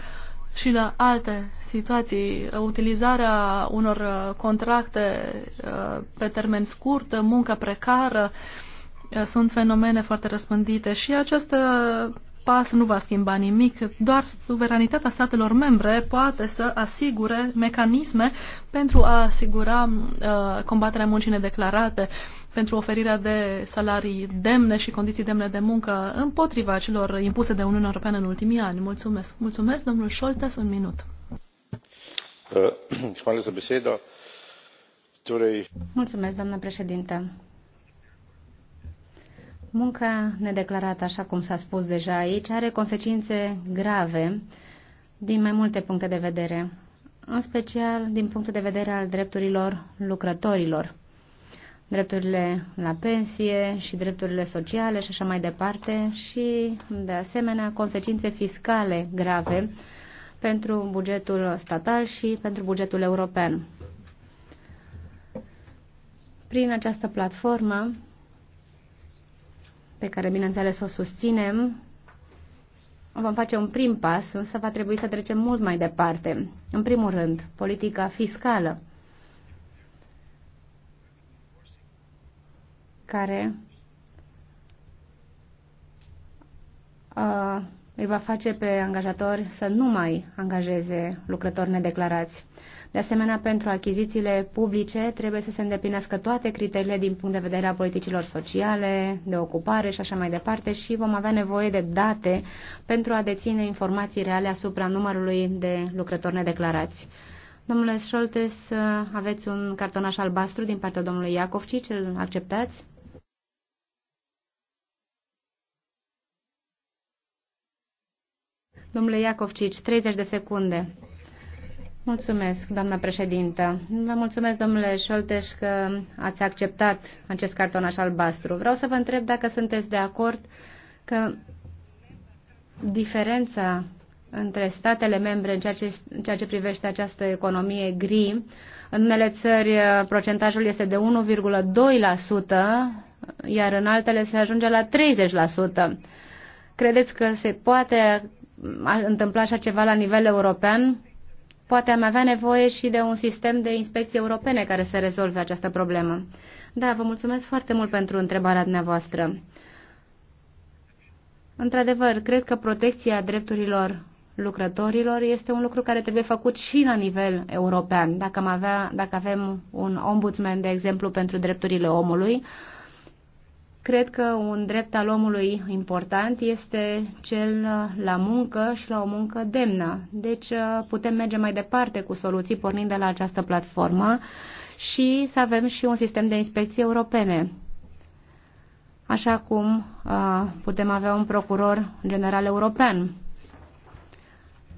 și la alte situații, utilizarea unor uh, contracte uh, pe termen scurt, munca precară, sunt fenomene foarte răspândite și această pas nu va schimba nimic, doar suveranitatea statelor membre poate să asigure mecanisme pentru a asigura uh, combaterea muncii nedeclarate, pentru oferirea de salarii demne și condiții demne de muncă împotriva celor impuse de Uniunea Europeană în ultimii ani. Mulțumesc. Mulțumesc, domnul Șoltes, un minut. Uh, (clears throat) Mulțumesc, doamnă președintă Munca nedeclarată, așa cum s-a spus deja aici, are consecințe grave din mai multe puncte de vedere, în special din punctul de vedere al drepturilor lucrătorilor, drepturile la pensie și drepturile sociale și așa mai departe și, de asemenea, consecințe fiscale grave pentru bugetul statal și pentru bugetul european. Prin această platformă, pe care bineînțeles o susținem, vom face un prim pas, însă va trebui să trecem mult mai departe. În primul rând, politica fiscală, care uh, îi va face pe angajatori să nu mai angajeze lucrători nedeclarați. De asemenea, pentru achizițiile publice trebuie să se îndeplinească toate criteriile din punct de vedere a politicilor sociale, de ocupare și așa mai departe și vom avea nevoie de date pentru a deține informații reale asupra numărului de lucrători nedeclarați. Domnule Scholtes, aveți un cartonaș albastru din partea domnului Iacovci, îl acceptați? Domnule Iacovcici, 30 de secunde. Mulțumesc, doamna președintă. Vă mulțumesc, domnule Șolteș, că ați acceptat acest cartonaș albastru. Vreau să vă întreb dacă sunteți de acord că diferența între statele membre în ceea ce, în ceea ce privește această economie gri, în unele țări uh, procentajul este de 1,2%, iar în altele se ajunge la 30%. Credeți că se poate uh, întâmpla așa ceva la nivel european? Poate am avea nevoie și de un sistem de inspecții europene care să rezolve această problemă. Da, vă mulțumesc foarte mult pentru întrebarea dumneavoastră. Într-adevăr, cred că protecția drepturilor lucrătorilor este un lucru care trebuie făcut și la nivel european. Dacă, am avea, dacă avem un ombudsman, de exemplu, pentru drepturile omului, uh, Cred că un drept al omului important este cel la muncă și la o muncă demnă. Deci uh, putem merge mai departe cu soluții pornind de la această platformă și să avem și un sistem de inspecții europene. Așa cum uh, putem avea un procuror general european.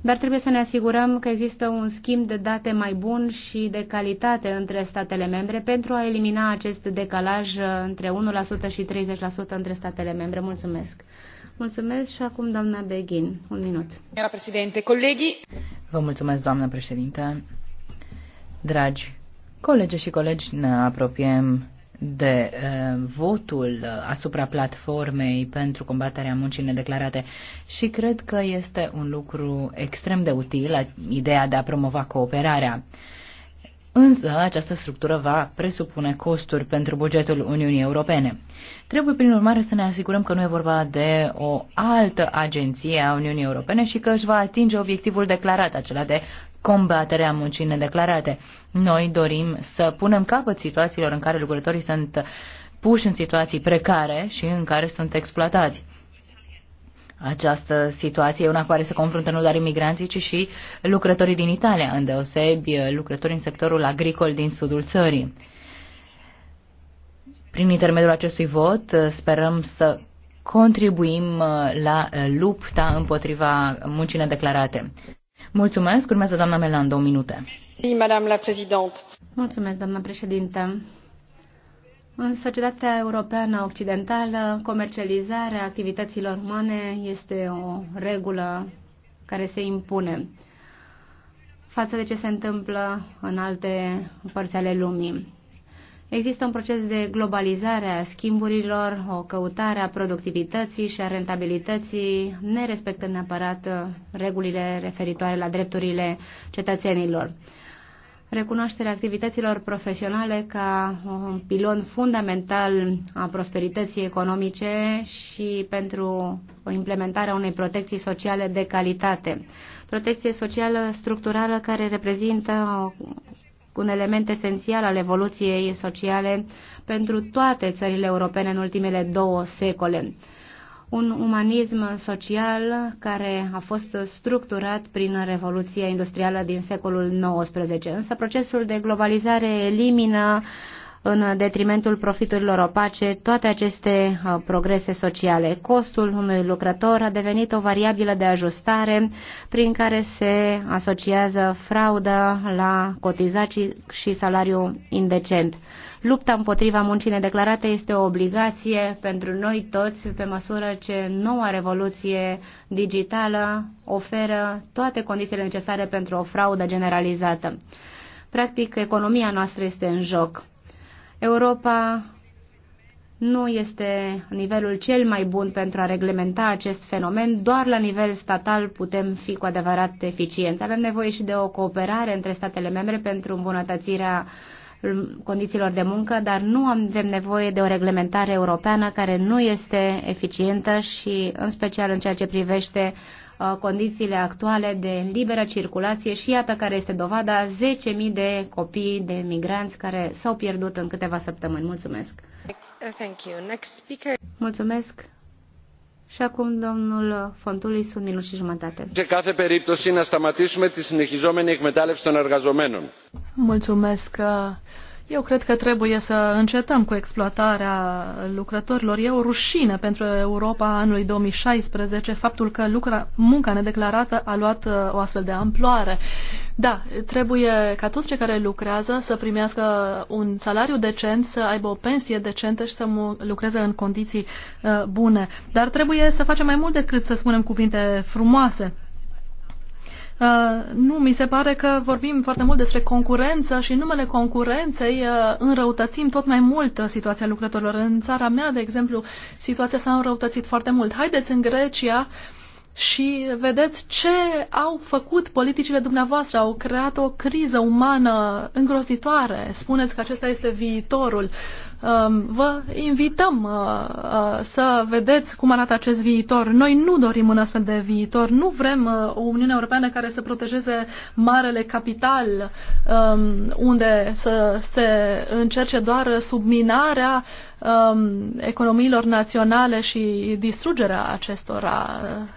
Dar trebuie să ne asigurăm că există un schimb de date mai bun și de calitate între statele membre pentru a elimina acest decalaj între 1% și 30% între statele membre. Mulțumesc! Mulțumesc și acum doamna Beghin. Un minut. Doamna președinte, colegii. Vă mulțumesc, doamna președinte. Dragi colegi și colegi, ne apropiem de uh, votul uh, asupra platformei pentru combaterea muncii nedeclarate și cred că este un lucru extrem de util, ideea de a promova cooperarea. Însă, această structură va presupune costuri pentru bugetul Uniunii Europene. Trebuie, prin urmare, să ne asigurăm că nu e vorba de o altă agenție a Uniunii Europene și că își va atinge obiectivul declarat, acela de combaterea muncii nedeclarate. Noi dorim să punem capăt situațiilor în care lucrătorii sunt puși în situații precare și în care sunt exploatați. Această situație e una cu care se confruntă nu doar imigranții, ci și lucrătorii din Italia, îndeosebi lucrătorii în sectorul agricol din sudul țării. Prin intermediul acestui vot sperăm să contribuim la lupta împotriva muncii nedeclarate. Mulțumesc. Urmează doamna Melan, două minute. Mulțumesc, doamna președinte. În societatea europeană occidentală, comercializarea activităților umane este o regulă care se impune față de ce se întâmplă în alte părți ale lumii. Există un proces de globalizare a schimburilor, o căutare a productivității și a rentabilității, nerespectând neapărat uh, regulile referitoare la drepturile cetățenilor. Recunoașterea activităților profesionale ca un pilon fundamental a prosperității economice și pentru implementarea unei protecții sociale de calitate. Protecție socială structurală care reprezintă o un element esențial al evoluției sociale pentru toate țările europene în ultimele două secole. Un umanism social care a fost structurat prin Revoluția Industrială din secolul XIX. Însă procesul de globalizare elimină uh, în detrimentul profiturilor opace toate aceste uh, progrese sociale. Costul unui lucrător a devenit o variabilă de ajustare prin care se asociază frauda la cotizații și salariu indecent. Lupta împotriva muncii nedeclarate este o obligație pentru noi toți, pe măsură ce noua revoluție digitală oferă toate condițiile necesare pentru o fraudă generalizată. Practic, economia noastră este în joc. Europa nu este nivelul cel mai bun pentru a reglementa acest fenomen, doar la nivel statal putem fi cu adevărat eficienți. Avem nevoie și de o cooperare între statele membre pentru îmbunătățirea condițiilor de muncă, dar nu avem nevoie de o reglementare europeană care nu este eficientă și în special în ceea ce privește Uh, condițiile actuale de liberă circulație și iată care este dovada 10.000 de copii, de migranți care s-au pierdut în câteva săptămâni. Mulțumesc! Thank you. Next speaker. Mulțumesc! Și acum domnul Fontului, sunt minut și jumătate. Σε κάθε περίπτωση να σταματήσουμε τη συνεχιζόμενη εκμετάλλευση των εργαζομένων. Mulțumesc! Uh, eu cred că trebuie să încetăm cu exploatarea lucrătorilor. E o rușine pentru Europa anului 2016 faptul că lucra, munca nedeclarată a luat uh, o astfel de amploare. Da, trebuie ca toți cei care lucrează să primească un salariu decent, să aibă o pensie decentă și să lucreze în condiții uh, bune. Dar trebuie să facem mai mult decât să spunem cuvinte frumoase Uh, nu, mi se pare că vorbim foarte mult despre concurență și în numele concurenței uh, înrăutățim tot mai mult uh, situația lucrătorilor. În țara mea, de exemplu, situația s-a înrăutățit foarte mult. Haideți în Grecia și vedeți ce au făcut politicile dumneavoastră. Au creat o criză umană îngrozitoare. Spuneți că acesta este viitorul. Uh, Um, vă invităm uh, uh, să vedeți cum arată acest viitor. Noi nu dorim un astfel de viitor. Nu vrem uh, o Uniune Europeană care să protejeze marele capital, um, unde să se încerce doar subminarea um, economiilor naționale și distrugerea acestora.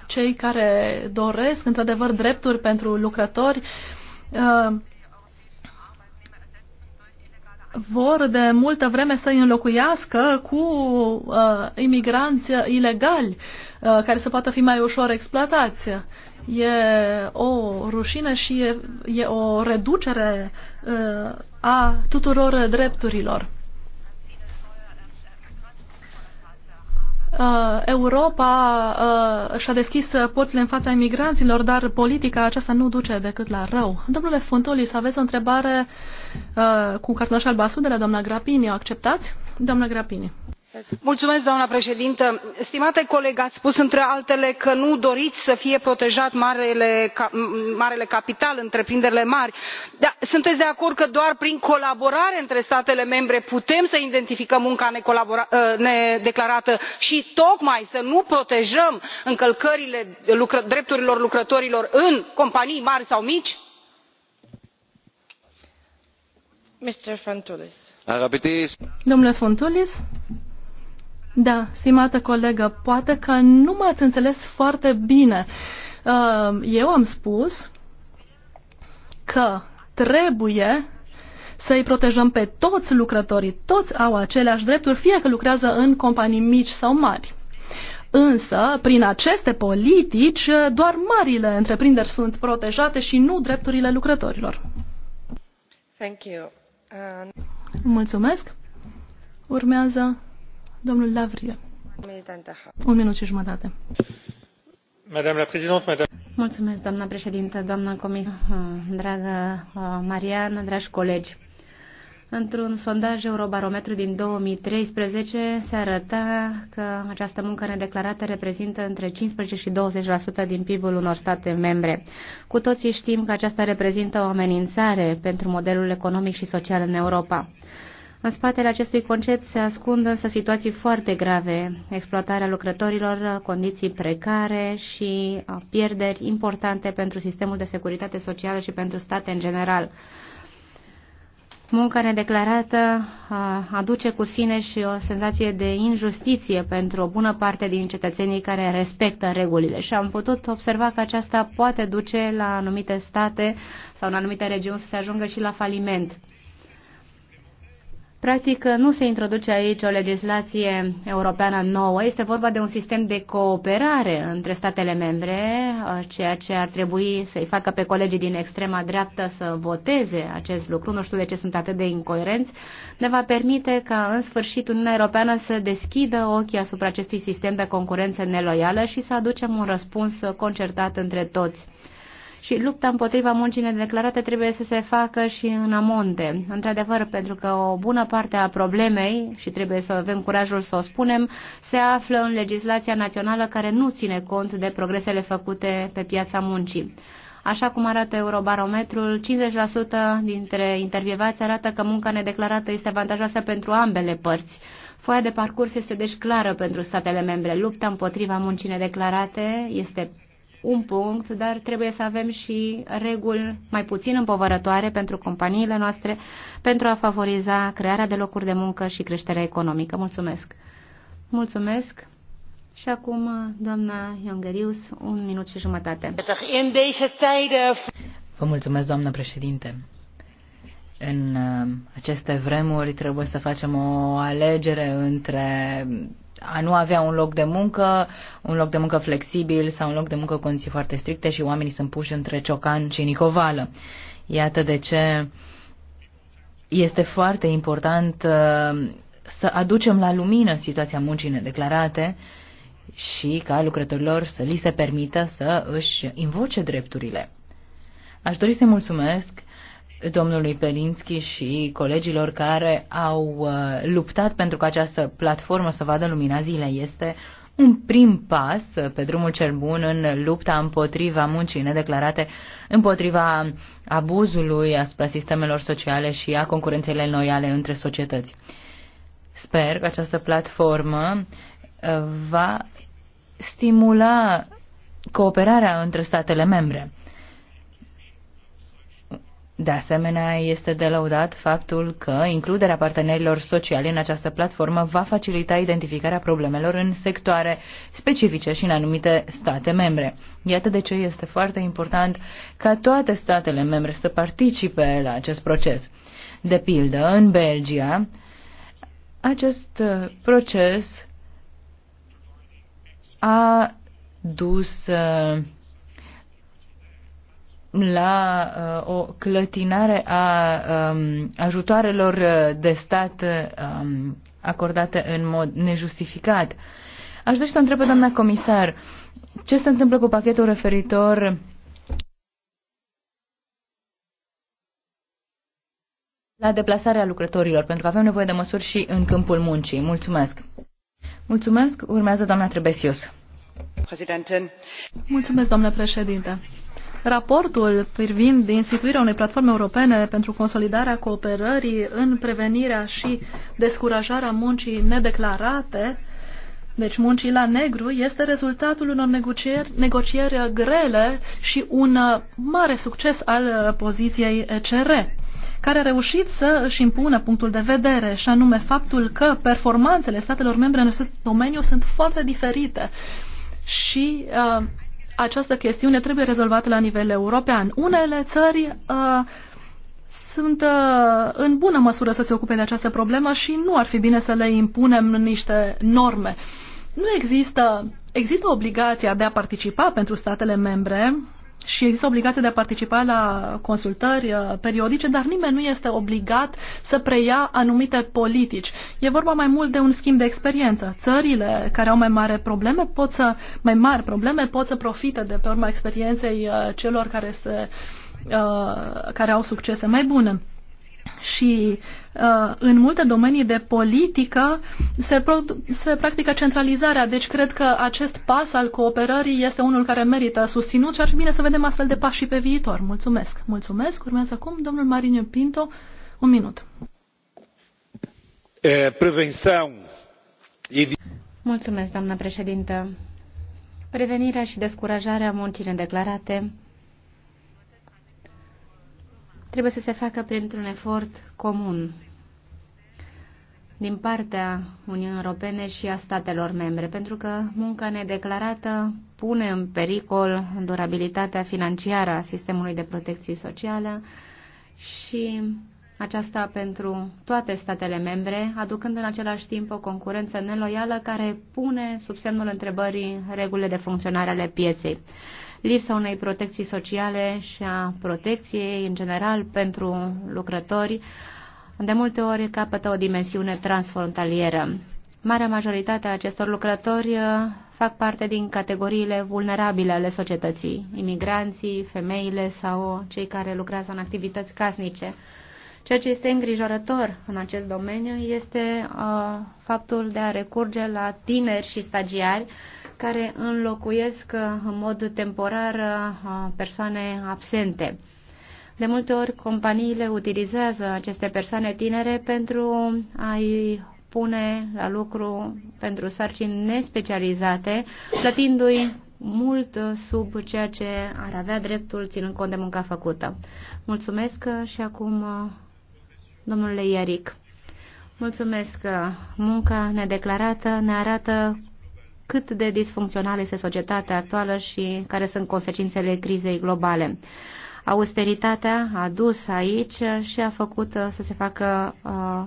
Cei care doresc, într-adevăr, drepturi pentru lucrători, vor de multă vreme să îi înlocuiască cu uh, imigranți ilegali uh, care să poată fi mai ușor exploatați. E o rușine și e, e o reducere uh, a tuturor drepturilor. Uh, Europa uh, și-a deschis porțile în fața imigranților, dar politica aceasta nu duce decât la rău. Domnule Funtulis, aveți o întrebare uh, Uh, cu cu cartonaș albastru de la doamna Grapini. O acceptați? Doamna Grapini. Mulțumesc, doamna președintă stimate coleg ați spus între altele că nu doriți să fie protejat marele, marele capital întreprinderile mari dar sunteți de acord că doar prin colaborare între statele membre putem să identificăm munca uh, nedeclarată și tocmai să nu protejăm încălcările lucră, drepturilor lucrătorilor în companii mari sau mici? Domnule Fontulis, da, stimată colegă, poate că nu m-ați înțeles foarte bine. Uh, eu am spus că trebuie să-i protejăm pe toți lucrătorii. Toți au aceleași drepturi, fie că lucrează în companii mici sau mari. Însă, prin aceste politici, doar marile întreprinderi sunt protejate și nu drepturile lucrătorilor. Thank you. Mulțumesc. Urmează domnul Lavrie. Un minut și jumătate. Mulțumesc, doamna președintă, doamna comisar, dragă uh, Mariană, dragi colegi. Într-un sondaj Eurobarometru din 2013 se arăta că această muncă nedeclarată reprezintă între 15 și 20% din PIB-ul unor state membre. Cu toții știm că aceasta reprezintă o amenințare pentru modelul economic și social în Europa. În spatele acestui concept se ascund însă situații foarte grave, exploatarea lucrătorilor, condiții precare și uh, pierderi importante pentru sistemul de securitate socială și pentru state în general. Munca nedeclarată aduce cu sine și o senzație de injustiție pentru o bună parte din cetățenii care respectă regulile și am putut observa că aceasta poate duce la anumite state sau în anumite regiuni să se ajungă și la faliment. Practic, nu se introduce aici o legislație europeană nouă, este vorba de un sistem de cooperare între statele membre, ceea ce ar trebui să-i facă pe colegii din extrema dreaptă să voteze acest lucru, nu știu de ce sunt atât de incoerenți, ne va permite ca în sfârșit Uniunea Europeană să deschidă ochii asupra acestui sistem de concurență neloială și să aducem un răspuns concertat între toți. Și lupta împotriva muncii nedeclarate trebuie să se facă și în amonte. Într-adevăr, pentru că o bună parte a problemei, și trebuie să avem curajul să o spunem, se află în legislația națională care nu ține cont de progresele făcute pe piața muncii. Așa cum arată Eurobarometrul, 50% dintre intervievați arată că munca nedeclarată este avantajoasă pentru ambele părți. Foaia de parcurs este deci clară pentru statele membre. Lupta împotriva muncii nedeclarate este un punct, dar trebuie să avem și reguli mai puțin împovărătoare pentru companiile noastre pentru a favoriza crearea de locuri de muncă și creșterea economică. Mulțumesc! Mulțumesc! Și acum, doamna Iongerius, un minut și jumătate. Vă mulțumesc, doamnă președinte. În uh, aceste vremuri trebuie să facem o alegere între a nu avea un loc de muncă, un loc de muncă flexibil sau un loc de muncă cu condiții foarte stricte și oamenii sunt puși între ciocan și nicovală. Iată de ce este foarte important uh, să aducem la lumină situația muncii nedeclarate și ca lucrătorilor să li se permită să își invoce drepturile. Aș dori să mulțumesc domnului Perinski și colegilor care au uh, luptat pentru că această platformă să vadă lumina zilei. Este un prim pas pe drumul cel bun în lupta împotriva muncii nedeclarate, împotriva abuzului asupra sistemelor sociale și a concurenței loiale între societăți. Sper că această platformă uh, va stimula cooperarea între statele membre. De asemenea, este de lăudat faptul că includerea partenerilor sociali în această platformă va facilita identificarea problemelor în sectoare specifice și în anumite state membre. Iată de ce este foarte important ca toate statele membre să participe la acest proces. De pildă, în Belgia, acest uh, proces a dus uh, la uh, o clătinare a um, ajutoarelor de stat um, acordate în mod nejustificat. Aș dori să o întreb pe doamna comisar, ce se întâmplă cu pachetul referitor la deplasarea lucrătorilor, pentru că avem nevoie de măsuri și în câmpul muncii. Mulțumesc! Mulțumesc! Urmează doamna Trebesius. Mulțumesc, doamnă președinte! Raportul privind instituirea unei platforme europene pentru consolidarea cooperării în prevenirea și descurajarea muncii nedeclarate, deci muncii la negru, este rezultatul unor negocieri, negocieri grele și un mare succes al poziției ECR care a reușit să își impună punctul de vedere, și anume faptul că performanțele statelor membre în acest domeniu sunt foarte diferite și uh, această chestiune trebuie rezolvată la nivel european. Unele țări uh, sunt uh, în bună măsură să se ocupe de această problemă și nu ar fi bine să le impunem niște norme. Nu există, există obligația de a participa pentru statele membre și există obligația de a participa la consultări uh, periodice, dar nimeni nu este obligat să preia anumite politici. E vorba mai mult de un schimb de experiență. Țările care au mai mari probleme pot să, mai mari probleme pot să profite de pe urma experienței uh, celor care, se, uh, care au succese mai bune și uh, în multe domenii de politică se, se practică centralizarea. Deci cred că acest pas al cooperării este unul care merită susținut și ar fi bine să vedem astfel de pași și pe viitor. Mulțumesc! Mulțumesc! Urmează acum domnul Marinho Pinto. Un minut. Eh, prevenção. Mulțumesc, doamnă președintă. Prevenirea și descurajarea muncii nedeclarate trebuie să se facă printr-un efort comun din partea Uniunii Europene și a statelor membre, pentru că munca nedeclarată pune în pericol durabilitatea financiară a sistemului de protecție socială și aceasta pentru toate statele membre, aducând în același timp o concurență neloială care pune sub semnul întrebării regulile de funcționare ale pieței lipsa unei protecții sociale și a protecției în general pentru lucrători, de multe ori capătă o dimensiune transfrontalieră. Marea majoritate a acestor lucrători uh, fac parte din categoriile vulnerabile ale societății, imigranții, femeile sau cei care lucrează în activități casnice. Ceea ce este îngrijorător în acest domeniu este uh, faptul de a recurge la tineri și stagiari care înlocuiesc uh, în mod temporar uh, persoane absente. De multe ori, companiile utilizează aceste persoane tinere pentru a-i pune la lucru pentru sarcini nespecializate, plătindu-i mult uh, sub ceea ce ar avea dreptul ținând cont de munca făcută. Mulțumesc și acum domnule Iaric. Mulțumesc. Munca nedeclarată ne arată cât de disfuncțională este societatea actuală și care sunt consecințele crizei globale. Austeritatea a dus aici și a făcut uh, să se facă uh,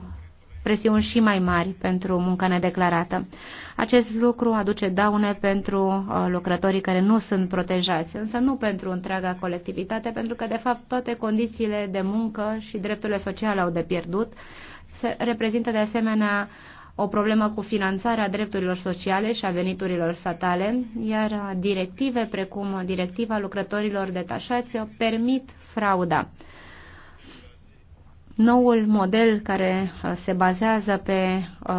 presiuni și mai mari pentru munca nedeclarată. Acest lucru aduce daune pentru uh, lucrătorii care nu sunt protejați, însă nu pentru întreaga colectivitate, pentru că, de fapt, toate condițiile de muncă și drepturile sociale au de pierdut. Se reprezintă, de asemenea, uh, o problemă cu finanțarea drepturilor sociale și a veniturilor statale, iar directive precum Directiva lucrătorilor detașați permit frauda. Noul model care uh, se bazează pe uh,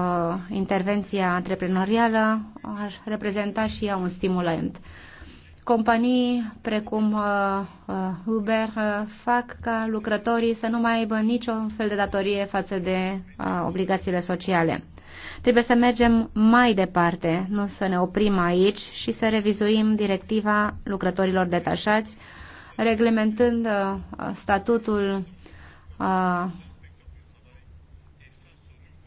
intervenția antreprenorială ar reprezenta și ea un stimulant. Companii precum uh, uh, Uber uh, fac ca lucrătorii să nu mai aibă niciun fel de datorie față de uh, obligațiile sociale. Trebuie să mergem mai departe, nu să ne oprim aici și să revizuim directiva lucrătorilor detașați, reglementând uh, statutul uh,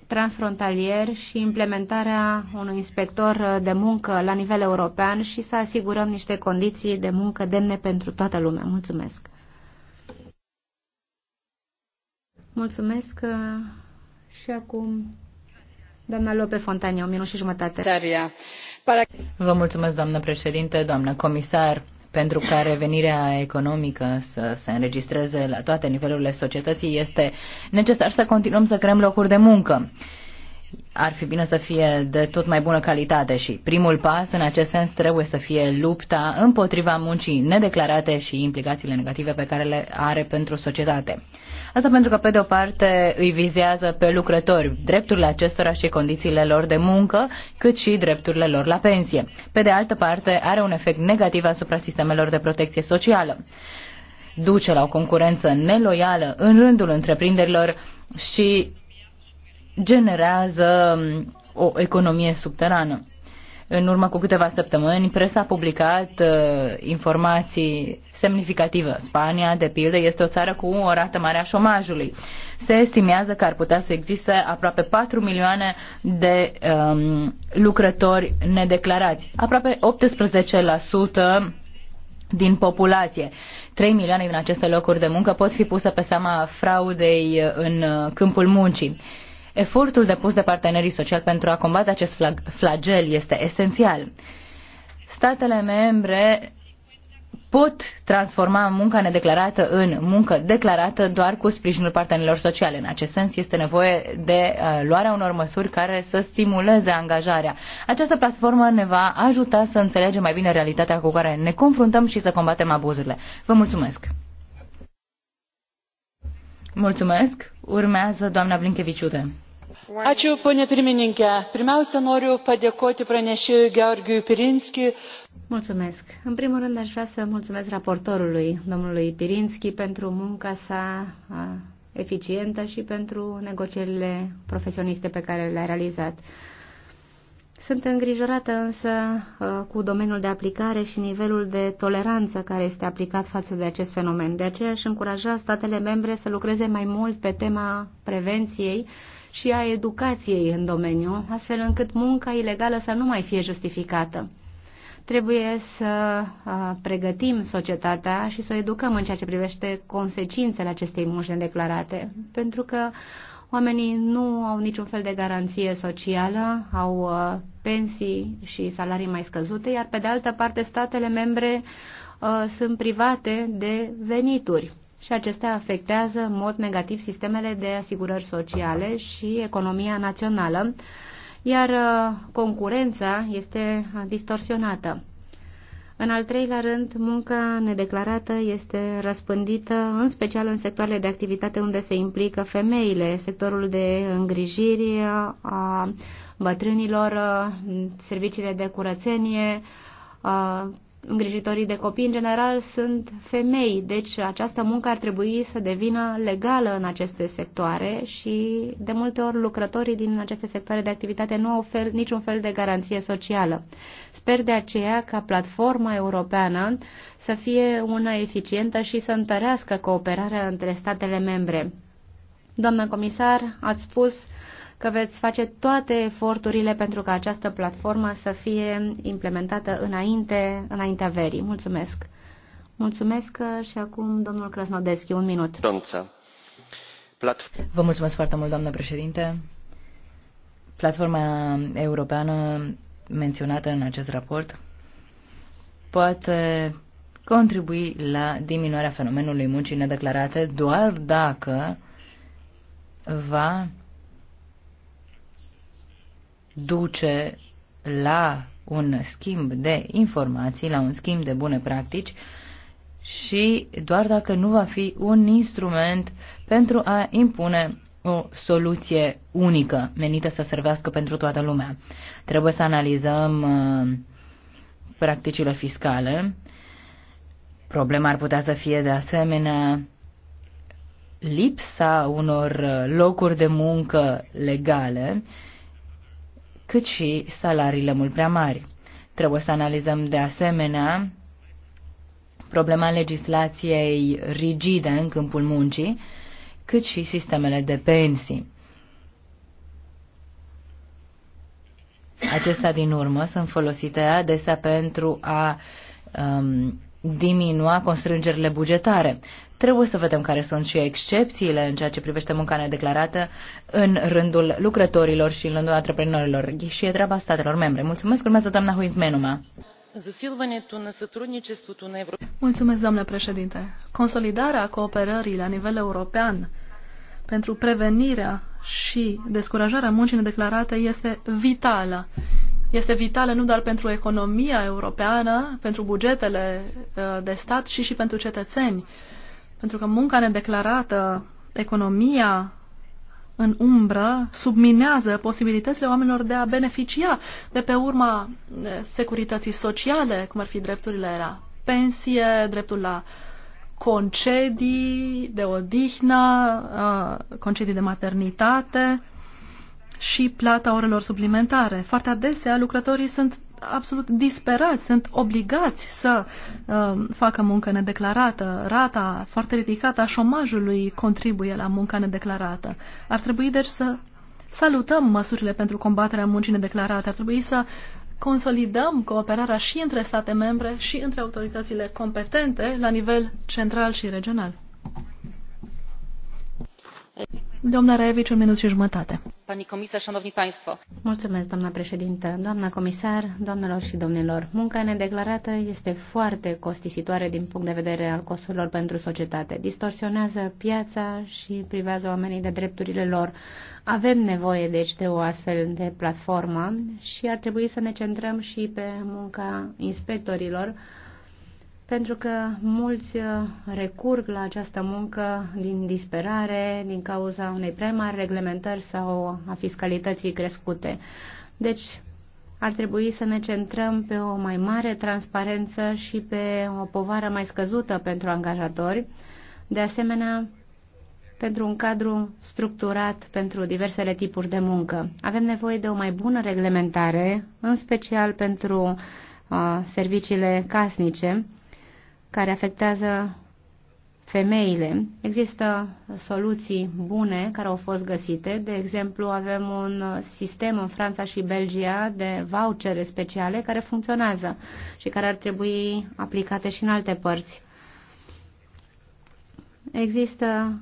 transfrontalier și implementarea unui inspector de muncă la nivel european și să asigurăm niște condiții de muncă demne pentru toată lumea. Mulțumesc! Mulțumesc uh, și acum doamna Lope Fontania, o minut și jumătate. Vă mulțumesc, doamnă președinte, doamnă comisar pentru ca revenirea economică să se înregistreze la toate nivelurile societății, este necesar să continuăm să creăm locuri de muncă. Ar fi bine să fie de tot mai bună calitate și primul pas în acest sens trebuie să fie lupta împotriva muncii nedeclarate și implicațiile negative pe care le are pentru societate. Asta pentru că, pe de o parte, îi vizează pe lucrători drepturile acestora și condițiile lor de muncă, cât și drepturile lor la pensie. Pe de altă parte, are un efect negativ asupra sistemelor de protecție socială. Duce la o concurență neloială în rândul întreprinderilor și generează mm, o economie subterană. În urmă cu câteva săptămâni, presa a publicat uh, informații semnificative. Spania, de pildă, este o țară cu o rată mare a șomajului. Se estimează că ar putea să existe aproape 4 milioane de um, lucrători nedeclarați, aproape 18% din populație. 3 milioane din aceste locuri de muncă pot fi puse pe seama fraudei uh, în uh, câmpul muncii. Efortul depus de partenerii sociali pentru a combate acest flagel este esențial. Statele membre pot transforma munca nedeclarată în muncă declarată doar cu sprijinul partenerilor sociale. În acest sens este nevoie de uh, luarea unor măsuri care să stimuleze angajarea. Această platformă ne va ajuta să înțelegem mai bine realitatea cu care ne confruntăm și să combatem abuzurile. Vă mulțumesc! Mulțumesc! Urmează doamna Blinkeviciute pirmiausia noriu padėkoti pranešėjui georgiui pirinski. Mulțumesc. În primul rând aș vrea să mulțumesc raportorului, domnului Pirinski, pentru munca sa eficientă și pentru negocierile profesioniste pe care le-a realizat. Sunt îngrijorată însă cu domeniul de aplicare și nivelul de toleranță care este aplicat față de acest fenomen. De aceea aș încuraja statele membre să lucreze mai mult pe tema prevenției și a educației în domeniu, astfel încât munca ilegală să nu mai fie justificată. Trebuie să pregătim societatea și să o educăm în ceea ce privește consecințele acestei munci nedeclarate, pentru că oamenii nu au niciun fel de garanție socială, au pensii și salarii mai scăzute, iar pe de altă parte statele membre sunt private de venituri și acestea afectează în mod negativ sistemele de asigurări sociale și economia națională, iar uh, concurența este distorsionată. În al treilea rând, munca nedeclarată este răspândită, în special în sectoarele de activitate unde se implică femeile, sectorul de îngrijiri uh, a bătrânilor, uh, serviciile de curățenie, îngrijitorii de copii, în general, sunt femei, deci această muncă ar trebui să devină legală în aceste sectoare și, de multe ori, lucrătorii din aceste sectoare de activitate nu au fel, niciun fel de garanție socială. Sper de aceea ca platforma europeană să fie una eficientă și să întărească cooperarea între statele membre. Doamna comisar, ați spus că veți face toate eforturile pentru ca această platformă să fie implementată înainte, înaintea verii. Mulțumesc! Mulțumesc și acum domnul Krasnodeschi, un minut. Vă mulțumesc foarte mult, doamnă președinte. Platforma europeană menționată în acest raport poate contribui la diminuarea fenomenului muncii nedeclarate doar dacă va duce la un schimb de informații, la un schimb de bune practici și doar dacă nu va fi un instrument pentru a impune o soluție unică menită să servească pentru toată lumea. Trebuie să analizăm uh, practicile fiscale. Problema ar putea să fie de asemenea lipsa unor uh, locuri de muncă legale uh, cât și salariile mult prea mari. Trebuie să analizăm de asemenea problema legislației rigide în câmpul muncii, cât și sistemele de pensii. Acestea, din urmă, sunt folosite adesea pentru a um, diminua constrângerile bugetare. Trebuie să vedem care sunt și excepțiile în ceea ce privește munca nedeclarată în rândul lucrătorilor și în rândul antreprenorilor. Și e treaba statelor membre. Mulțumesc, urmează doamna Huint Menuma. Mulțumesc, doamnă președinte. Consolidarea cooperării la nivel european pentru prevenirea și descurajarea muncii nedeclarate este vitală. Este vitală nu doar pentru economia europeană, pentru bugetele uh, de stat și și pentru cetățeni. Pentru că munca nedeclarată, economia în umbră, subminează posibilitățile oamenilor de a beneficia de pe urma eh, securității sociale, cum ar fi drepturile la pensie, dreptul la concedii de odihnă, eh, concedii de maternitate și plata orelor suplimentare. Foarte adesea, lucrătorii sunt absolut disperați, sunt obligați să uh, facă muncă nedeclarată. Rata foarte ridicată a șomajului contribuie la munca nedeclarată. Ar trebui deci să salutăm măsurile pentru combaterea muncii nedeclarate. Ar trebui să consolidăm cooperarea și între state membre și între autoritățile competente la nivel central și regional. Doamna Raevici, un minut și jumătate. Pani comisar, șanovni paistvo. Mulțumesc, doamna președintă, doamna comisar, doamnelor și domnilor. Munca nedeclarată este foarte costisitoare din punct de vedere al costurilor pentru societate. Distorsionează piața și privează oamenii de drepturile lor. Avem nevoie, deci, de o astfel de platformă și ar trebui să ne centrăm și pe munca inspectorilor, pentru că mulți uh, recurg la această muncă din disperare, din cauza unei prea mari reglementări sau a fiscalității crescute. Deci, ar trebui să ne centrăm pe o mai mare transparență și pe o povară mai scăzută pentru angajatori, de asemenea pentru un cadru structurat pentru diversele tipuri de muncă. Avem nevoie de o mai bună reglementare, în special pentru uh, serviciile casnice, care afectează femeile. Există soluții bune care au fost găsite. De exemplu, avem un sistem în Franța și Belgia de vouchere speciale care funcționează și care ar trebui aplicate și în alte părți. Există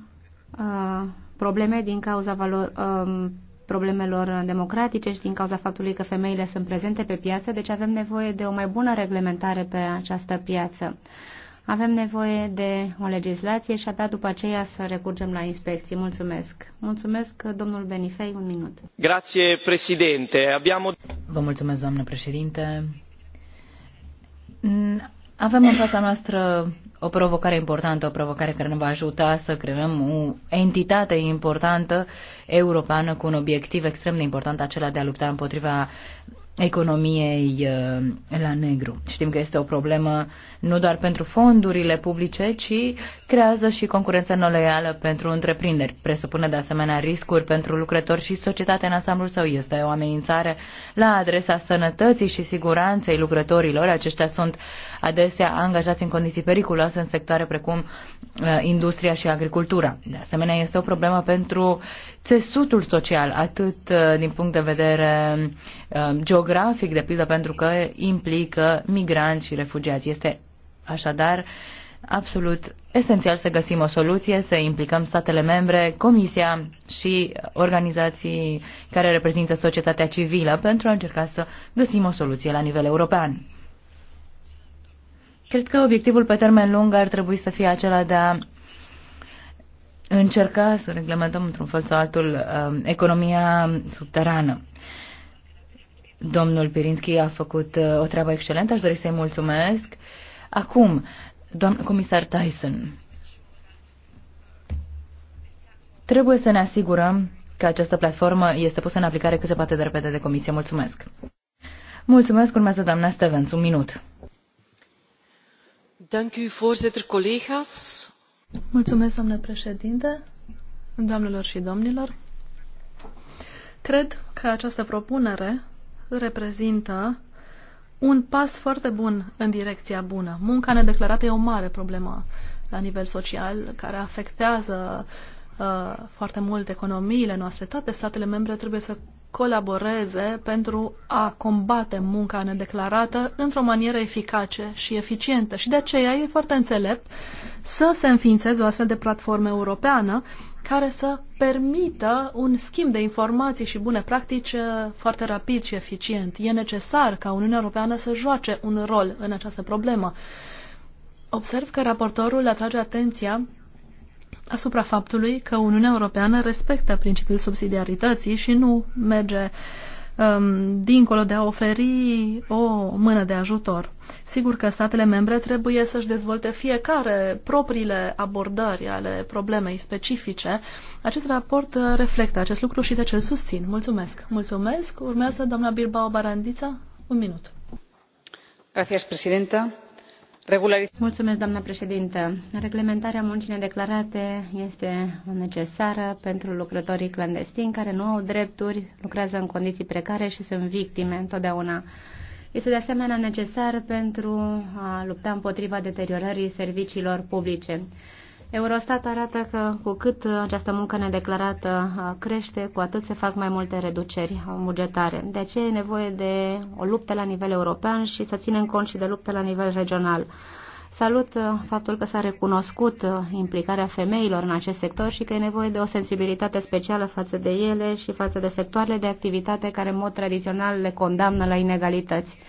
uh, probleme din cauza valor, uh, um, problemelor democratice și din cauza faptului că femeile sunt prezente pe piață, deci avem nevoie de o mai bună reglementare pe această piață. Uh, avem nevoie de o legislație și abia după aceea să recurgem la inspecții. Mulțumesc. Mulțumesc, domnul Benifei, un minut. Grație, președinte. Abbiamo... Vă mulțumesc, doamnă președinte. Avem în fața noastră o provocare importantă, o provocare care ne va ajuta să creăm o entitate importantă europeană cu un obiectiv extrem de important, acela de a lupta împotriva economiei uh, la negru. Știm că este o problemă nu doar pentru fondurile publice, ci creează și concurență neloială pentru întreprinderi. Presupune de asemenea riscuri pentru lucrători și societatea în ansamblul său. Este o amenințare la adresa sănătății și siguranței lucrătorilor. Aceștia sunt adesea angajați în condiții periculoase în sectoare precum uh, industria și agricultura. De asemenea, este o problemă pentru țesutul social, atât uh, din punct de vedere uh, geografic, de pildă, pentru că implică migranți și refugiați. Este așadar absolut esențial să găsim o soluție, să implicăm statele membre, Comisia și organizații care reprezintă societatea civilă pentru a încerca să găsim o soluție la nivel european. Cred că obiectivul pe termen lung ar trebui să fie acela de a încerca să reglementăm într-un fel sau altul uh, economia subterană. Domnul Pirinski a făcut uh, o treabă excelentă, aș dori să-i mulțumesc. Acum, doamnă comisar Tyson, trebuie să ne asigurăm că această platformă este pusă în aplicare cât se poate de repede de comisie. Mulțumesc! Mulțumesc, urmează doamna Stevens, un minut. Dank u, voorzitter, collega's. Mulțumesc, domnule președinte, doamnelor și domnilor. Cred că această propunere reprezintă un pas foarte bun în direcția bună. Munca nedeclarată e o mare problemă la nivel social care afectează uh, foarte mult economiile noastre. Toate statele membre trebuie să colaboreze pentru a combate munca nedeclarată într-o manieră eficace și eficientă. Și de aceea e foarte înțelept să se înființeze o astfel de platformă europeană care să permită un schimb de informații și bune practici uh, foarte rapid și eficient. E necesar ca Uniunea Europeană să joace un rol în această problemă. Observ că raportorul atrage atenția asupra faptului că Uniunea Europeană respectă principiul subsidiarității și nu merge um, dincolo de a oferi o mână de ajutor. Sigur că statele membre trebuie să-și dezvolte fiecare propriile abordări ale problemei specifice. Acest raport reflectă acest lucru și de ce îl susțin. Mulțumesc. Mulțumesc. Urmează doamna Bilbao Barandiță. Un minut. Gracias, presidenta Mulțumesc, președintă. Reglementarea muncii nedeclarate este necesară pentru lucrătorii clandestini care nu au drepturi, lucrează în condiții precare și sunt victime întotdeauna. Este de asemenea necesar pentru a lupta împotriva deteriorării serviciilor publice. Eurostat arată că cu cât această muncă nedeclarată crește, cu atât se fac mai multe reduceri bugetare. De aceea e nevoie de o luptă la nivel european și să ținem cont și de luptă la nivel regional. Salut faptul că s-a recunoscut implicarea femeilor în acest sector și că e nevoie de o sensibilitate specială față de ele și față de sectoarele de activitate care în mod tradițional le condamnă la inegalități.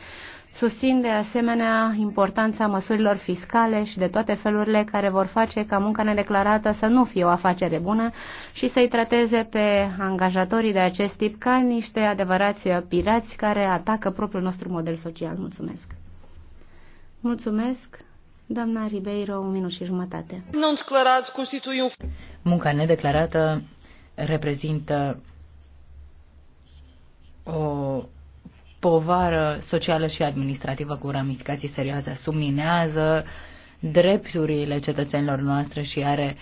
Susțin de asemenea importanța măsurilor fiscale și de toate felurile care vor face ca munca nedeclarată să nu fie o afacere bună și să-i trateze pe angajatorii de acest tip ca niște adevărați pirați care atacă propriul nostru model social. Mulțumesc! Mulțumesc! Doamna Ribeiro, un minut și jumătate. Nu declarați constitui un... Munca nedeclarată reprezintă o povară socială și administrativă cu ramificații serioase, subminează drepturile cetățenilor noastre și are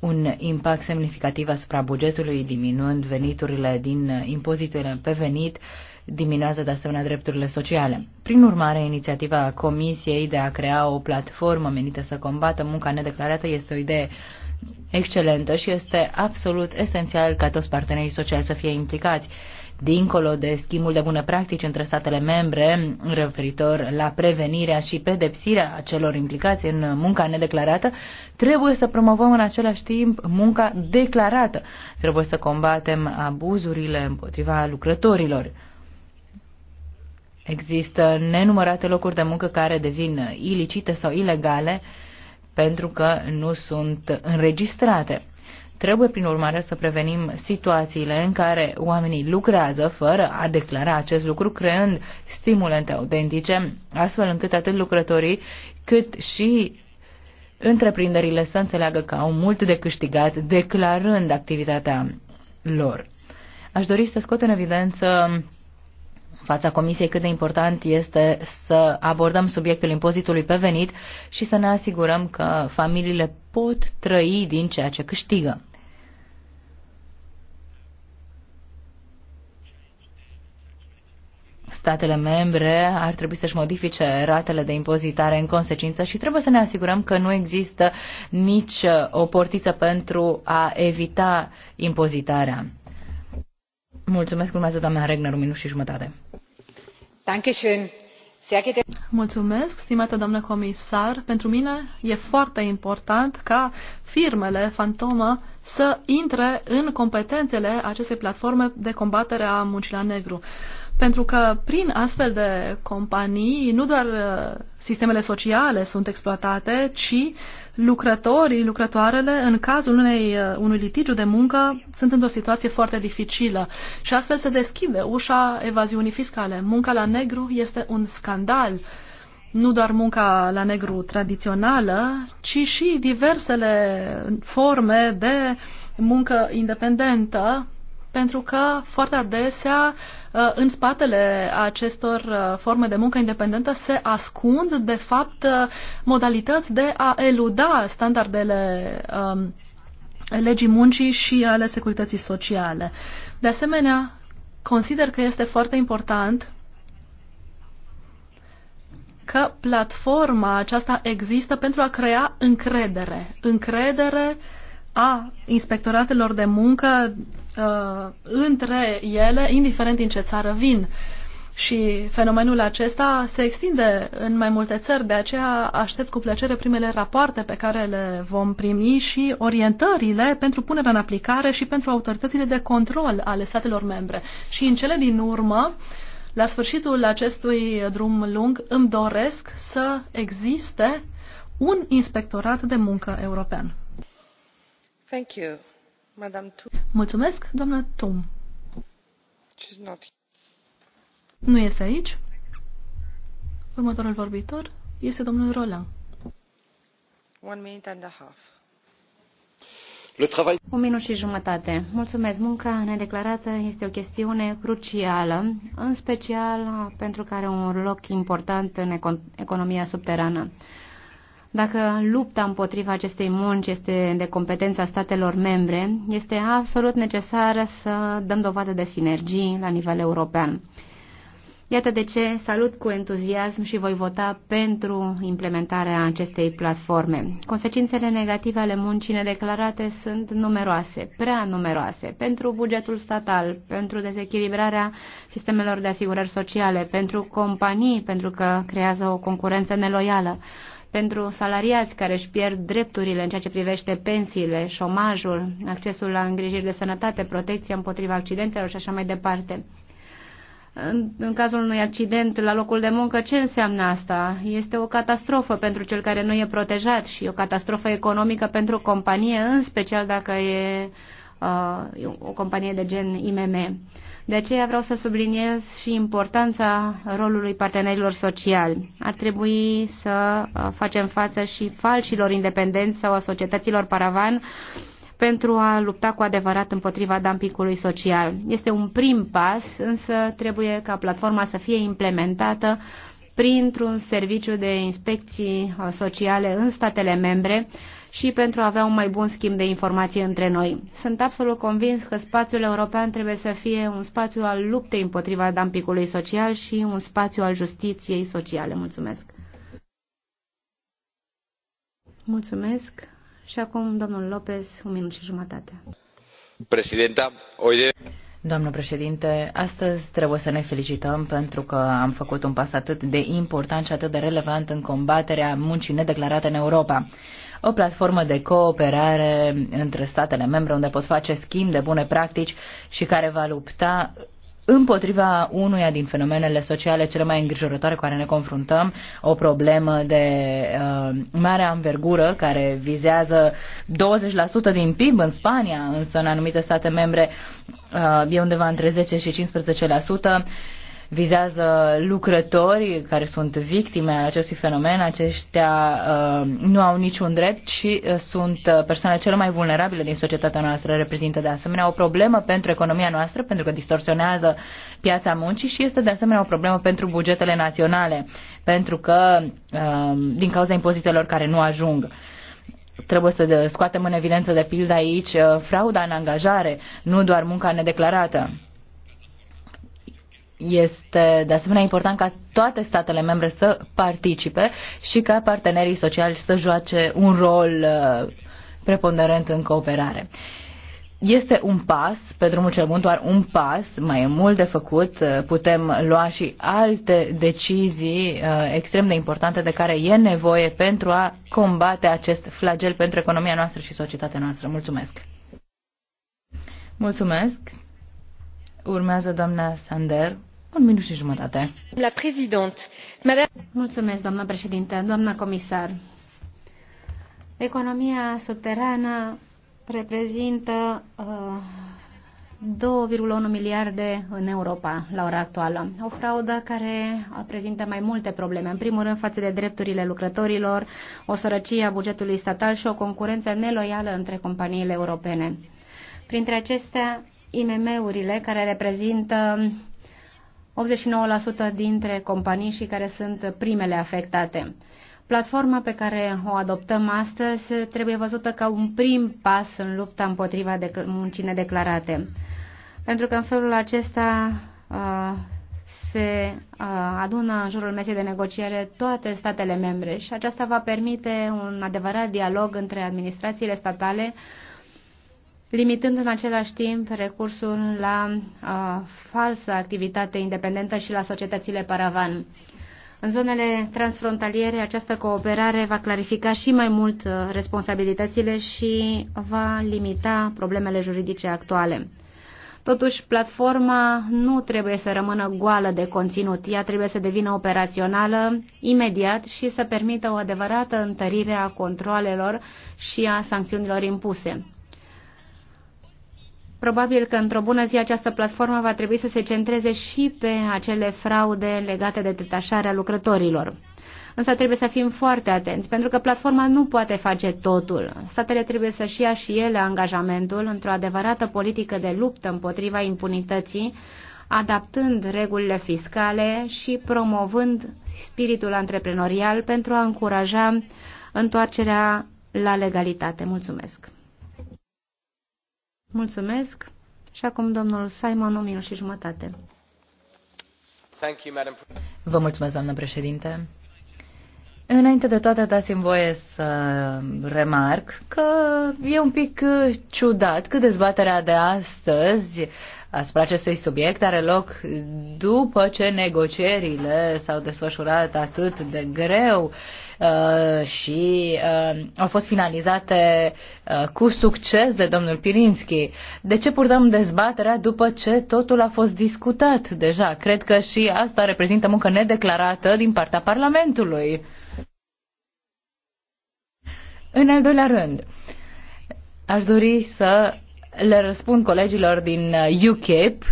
un impact semnificativ asupra bugetului, diminuând veniturile din impozitele pe venit, diminuează de asemenea drepturile sociale. Prin urmare, inițiativa Comisiei de a crea o platformă menită să combată munca nedeclarată este o idee excelentă și este absolut esențial ca toți partenerii sociali să fie implicați dincolo de schimbul de bune practici între statele membre referitor la prevenirea și pedepsirea acelor implicați în munca nedeclarată, trebuie să promovăm în același timp munca declarată. Trebuie să combatem abuzurile împotriva lucrătorilor. Există nenumărate locuri de muncă care devin ilicite sau ilegale pentru că nu sunt înregistrate. Trebuie, prin urmare, să prevenim situațiile în care oamenii lucrează fără a declara acest lucru, creând stimulente autentice, astfel încât atât lucrătorii cât și întreprinderile să înțeleagă că au mult de câștigat declarând activitatea lor. Aș dori să scot în evidență fața Comisiei cât de important este să abordăm subiectul impozitului pe venit și să ne asigurăm că familiile pot trăi din ceea ce câștigă. statele membre ar trebui să-și modifice ratele de impozitare în consecință și trebuie să ne asigurăm că nu există nici uh, o portiță pentru a evita impozitarea. Mulțumesc, urmează doamna Regner, un minut și jumătate. Dankeschön. Mulțumesc, stimată doamnă comisar. Pentru mine e foarte important ca firmele fantomă să intre în competențele acestei platforme de combatere a muncii la negru. Pentru că prin astfel de companii, nu doar uh, sistemele sociale sunt exploatate, ci lucrătorii, lucrătoarele, în cazul unei, uh, unui litigiu de muncă, sunt într-o situație foarte dificilă. Și astfel se deschide ușa evaziunii fiscale. Munca la negru este un scandal. Nu doar munca la negru tradițională, ci și diversele forme de muncă independentă, pentru că foarte adesea uh, în spatele acestor uh, forme de muncă independentă se ascund, de fapt, uh, modalități de a eluda standardele um, legii muncii și ale securității sociale. De asemenea, consider că este foarte important că platforma aceasta există pentru a crea încredere. Încredere a inspectoratelor de muncă uh, între ele, indiferent din ce țară vin. Și fenomenul acesta se extinde în mai multe țări, de aceea aștept cu plăcere primele rapoarte pe care le vom primi și orientările pentru punerea în aplicare și pentru autoritățile de control ale statelor membre. Și în cele din urmă, la sfârșitul acestui drum lung, îmi doresc să existe un inspectorat de muncă european. Thank you. Mulțumesc, doamna Tom. Nu este aici. Următorul vorbitor este domnul Roland. One minute and a half. Un minut și jumătate. Mulțumesc. Munca nedeclarată este o chestiune crucială, în special pentru că are un loc important în economia subterană. Dacă lupta împotriva acestei munci este de competența statelor membre, este absolut necesară să dăm dovadă de sinergii la nivel european. Iată de ce salut cu entuziasm și voi vota pentru implementarea acestei platforme. Consecințele negative ale muncii nedeclarate sunt numeroase, prea numeroase, pentru bugetul statal, pentru dezechilibrarea sistemelor de asigurări sociale, pentru companii, pentru că creează o concurență neloială, pentru salariați care își pierd drepturile în ceea ce privește pensiile, șomajul, accesul la îngrijiri de sănătate, protecția împotriva accidentelor și așa mai departe. În, în cazul unui accident la locul de muncă, ce înseamnă asta? Este o catastrofă pentru cel care nu e protejat și o catastrofă economică pentru companie, în special dacă e uh, o companie de gen IMM. De aceea vreau să subliniez și importanța rolului partenerilor sociali. Ar trebui să uh, facem față și falșilor independenți sau a societăților paravan pentru a lupta cu adevărat împotriva dumpingului social. Este un prim pas, însă trebuie ca platforma să fie implementată printr-un serviciu de inspecții uh, sociale în statele membre, și pentru a avea un mai bun schimb de informații între noi. Sunt absolut convins că spațiul european trebuie să fie un spațiu al luptei împotriva dampicului social și un spațiu al justiției sociale. Mulțumesc! Mulțumesc! Și acum, domnul Lopez, un minut și jumătate. Președinta, idee. Doamnă președinte, astăzi trebuie să ne felicităm pentru că am făcut un pas atât de important și atât de relevant în combaterea muncii nedeclarate în Europa o platformă de cooperare între statele membre unde pot face schimb de bune practici și care va lupta împotriva unuia din fenomenele sociale cele mai îngrijorătoare cu care ne confruntăm, o problemă de uh, mare anvergură care vizează 20% din PIB în Spania, însă în anumite state membre uh, e undeva între 10 și 15% vizează lucrători care sunt victime ale acestui fenomen. Aceștia uh, nu au niciun drept și uh, sunt uh, persoanele cele mai vulnerabile din societatea noastră. Reprezintă de asemenea o problemă pentru economia noastră pentru că distorsionează piața muncii și este de asemenea o problemă pentru bugetele naționale pentru că uh, din cauza impozitelor care nu ajung trebuie să scoatem în evidență de pildă aici uh, frauda în angajare, nu doar munca nedeclarată. Este de asemenea important ca toate statele membre să participe și ca partenerii sociali să joace un rol uh, preponderent în cooperare. Este un pas pe drumul cel bun, doar un pas, mai e mult de făcut, uh, putem lua și alte decizii uh, extrem de importante de care e nevoie pentru a combate acest flagel pentru economia noastră și societatea noastră. Mulțumesc! Mulțumesc! Urmează doamna Sander doamnă președintă, doamnă comisar. Economia subterană reprezintă uh, 2,1 miliarde în Europa la ora actuală. O fraudă care prezintă mai multe probleme. În primul rând față de drepturile lucrătorilor, o sărăcie a bugetului statal și o concurență neloială între companiile europene. Printre acestea, IMM-urile, care reprezintă 89% dintre companii și care sunt primele afectate. Platforma pe care o adoptăm astăzi trebuie văzută ca un prim pas în lupta împotriva de muncii declarate. Pentru că în felul acesta uh, se uh, adună în jurul mesei de negociere toate statele membre și aceasta va permite un adevărat dialog între administrațiile statale, limitând în același timp recursul la a, uh, falsă activitate independentă și la societățile paravan. În zonele transfrontaliere, această cooperare va clarifica și mai mult uh, responsabilitățile și va limita problemele juridice actuale. Totuși, platforma nu trebuie să rămână goală de conținut. Ea trebuie să devină operațională imediat și să permită o adevărată întărire a controlelor și a sancțiunilor impuse. Probabil că într-o bună zi această platformă va trebui să se centreze și pe acele fraude legate de detașarea lucrătorilor. Însă trebuie să fim foarte atenți, pentru că platforma nu poate face totul. Statele trebuie să-și ia și ele angajamentul într-o adevărată politică de luptă împotriva impunității, adaptând regulile fiscale și promovând spiritul antreprenorial pentru a încuraja întoarcerea la legalitate. Mulțumesc! Mulțumesc. Și acum domnul Simon, o minut și jumătate. Vă mulțumesc, doamnă președinte. Înainte de toate, dați-mi voie să remarc că e un pic ciudat că dezbaterea de astăzi asupra acestui subiect are loc după ce negocierile s-au desfășurat atât de greu uh, Uh, și uh, au fost finalizate uh, cu succes de domnul Pirinski. De ce purtăm dezbaterea după ce totul a fost discutat deja? Cred că și asta reprezintă muncă nedeclarată din partea Parlamentului. În al doilea rând, aș dori să le răspund colegilor din UKIP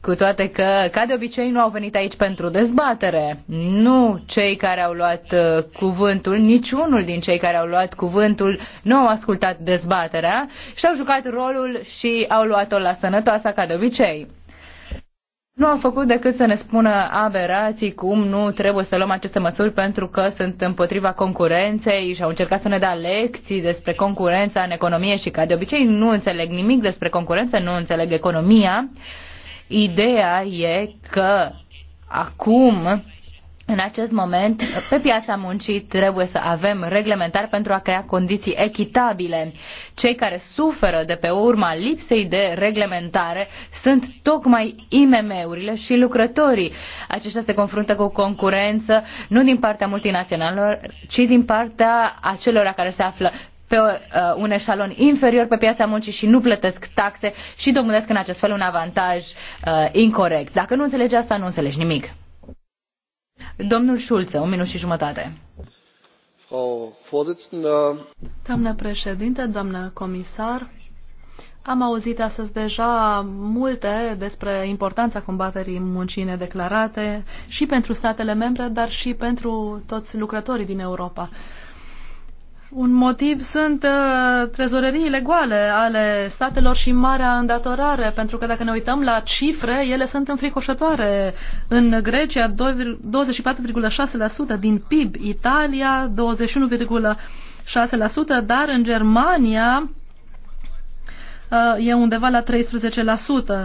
cu toate că, ca de obicei, nu au venit aici pentru dezbatere. Nu cei care au luat uh, cuvântul, niciunul din cei care au luat cuvântul nu au ascultat dezbaterea și au jucat rolul și au luat-o la sănătoasa, ca de obicei. Nu au făcut decât să ne spună aberații cum nu trebuie să luăm aceste măsuri pentru că sunt împotriva concurenței și au încercat să ne dea lecții despre concurența în economie și ca de obicei nu înțeleg nimic despre concurență, nu înțeleg economia. Ideea e că acum în acest moment, pe piața muncii trebuie să avem reglementari pentru a crea condiții echitabile. Cei care suferă de pe urma lipsei de reglementare sunt tocmai IMM-urile și lucrătorii. Aceștia se confruntă cu concurență nu din partea multinaționalelor, ci din partea acelora care se află pe uh, un eșalon inferior pe piața muncii și nu plătesc taxe și domnulesc în acest fel un avantaj uh, incorrect. Dacă nu înțelegi asta, nu înțelegi nimic. Domnul Șulță, un minut și jumătate. Doamnă președinte, doamnă comisar, am auzit astăzi deja multe despre importanța combaterii muncii nedeclarate și pentru statele membre, dar și pentru toți lucrătorii din Europa. Un motiv sunt uh, trezoreriile goale ale statelor și marea îndatorare, pentru că dacă ne uităm la cifre, ele sunt înfricoșătoare. În Grecia 24,6% din PIB, Italia 21,6%, dar în Germania uh, e undeva la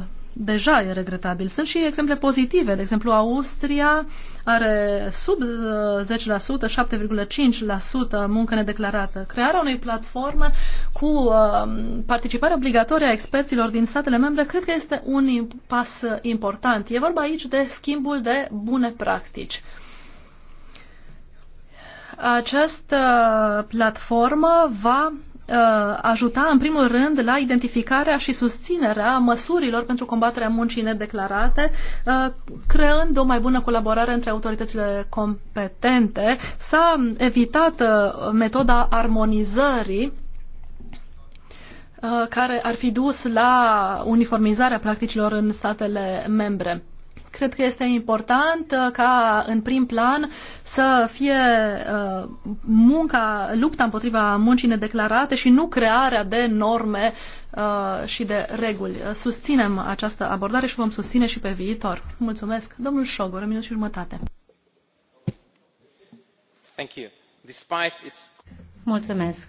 13%. Deja e regretabil. Sunt și exemple pozitive, de exemplu Austria are sub 10%, uh, 7,5% muncă nedeclarată. Crearea unei platforme cu uh, participare obligatorie a experților din statele membre cred că este un pas important. E vorba aici de schimbul de bune practici. Această uh, platformă va Uh, ajuta, în primul rând, la identificarea și susținerea măsurilor pentru combaterea muncii nedeclarate, uh, creând o mai bună colaborare între autoritățile competente. S-a evitat uh, metoda armonizării care ar fi dus la uniformizarea practicilor în statele membre. Cred că este important uh, ca în prim plan să fie uh, munca, lupta împotriva muncii nedeclarate și nu crearea de norme uh, și de reguli. Susținem această abordare și vom susține și pe viitor. Mulțumesc. Domnul Șogor, minut și jumătate. Thank you. Despite its... Mulțumesc.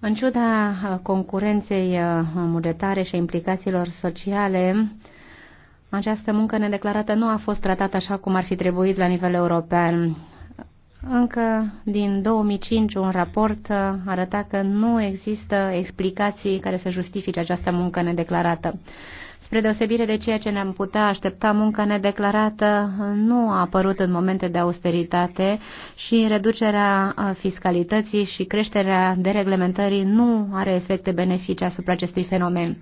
În ciuda concurenței monetare și a implicațiilor sociale, această muncă nedeclarată nu a fost tratată așa cum ar fi trebuit la nivel european. Încă din 2005 un raport uh, arăta că nu există explicații care să justifice această muncă nedeclarată. Spre deosebire de ceea ce ne-am putea aștepta, munca nedeclarată nu a apărut în momente de austeritate și reducerea uh, fiscalității și creșterea dereglementării nu are efecte benefice asupra acestui fenomen.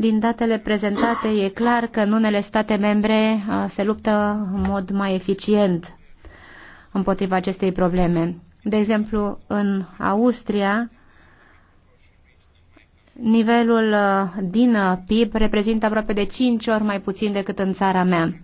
Din datele prezentate e clar că în unele state membre uh, se luptă în mod mai eficient împotriva acestei probleme. De exemplu, în Austria, nivelul uh, din uh, PIB reprezintă aproape de 5 ori mai puțin decât în țara mea.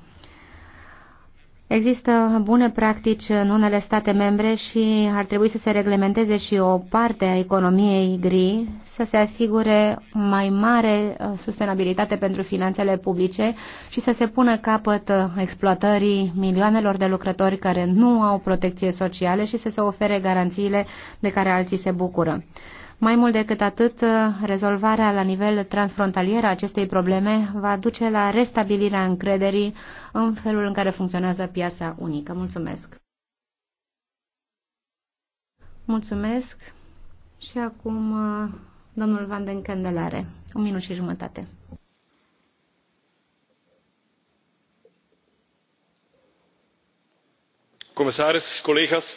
Există bune practici în unele state membre și ar trebui să se reglementeze și o parte a economiei gri, să se asigure mai mare uh, sustenabilitate pentru finanțele publice și să se pună capăt uh, exploatării milioanelor de lucrători care nu au protecție socială și să se ofere garanțiile de care alții se bucură. Mai mult decât atât, rezolvarea la nivel transfrontalier a acestei probleme va duce la restabilirea încrederii în felul în care funcționează piața unică. Mulțumesc! Mulțumesc și acum domnul Van den Candelare. Un minut și jumătate. Comisaris, colegas,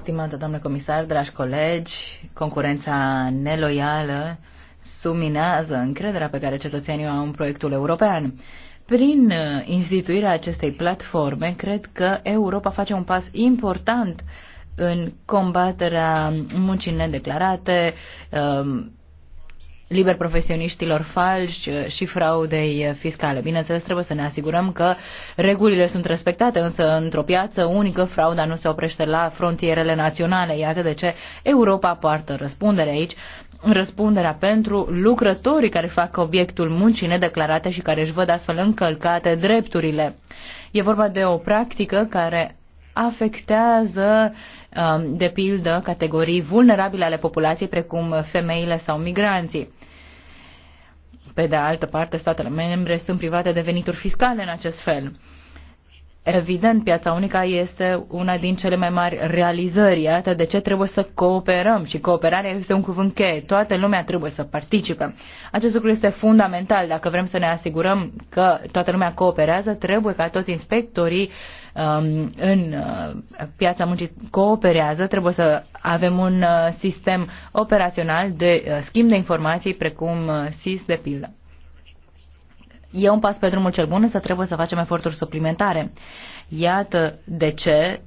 Stimată doamnă comisar, dragi colegi, concurența neloială suminează încrederea pe care cetățenii o au în proiectul european. Prin uh, instituirea acestei platforme, cred că Europa face un pas important în combaterea muncii nedeclarate, um, liber profesioniștilor falși uh, și fraudei uh, fiscale. Bineînțeles, trebuie să ne asigurăm că regulile sunt respectate, însă într-o piață unică frauda nu se oprește la frontierele naționale. Iată de ce Europa poartă răspundere aici răspunderea pentru lucrătorii care fac obiectul muncii nedeclarate și care își văd astfel încălcate drepturile. E vorba de o practică care afectează, um, de pildă, categorii vulnerabile ale populației, precum femeile sau migranții. Pe de altă parte, statele membre sunt private de venituri fiscale în acest fel. Evident, piața unică este una din cele mai mari realizări. Iată de ce trebuie să cooperăm și cooperarea este un cuvânt cheie. Toată lumea trebuie să participe. Acest lucru este fundamental. Dacă vrem să ne asigurăm că toată lumea cooperează, trebuie ca toți inspectorii Um, în uh, piața muncii cooperează, trebuie să avem un uh, sistem operațional de uh, schimb de informații precum SIS de pildă. E un pas pe drumul cel bun, însă trebuie să facem eforturi suplimentare. Iată de ce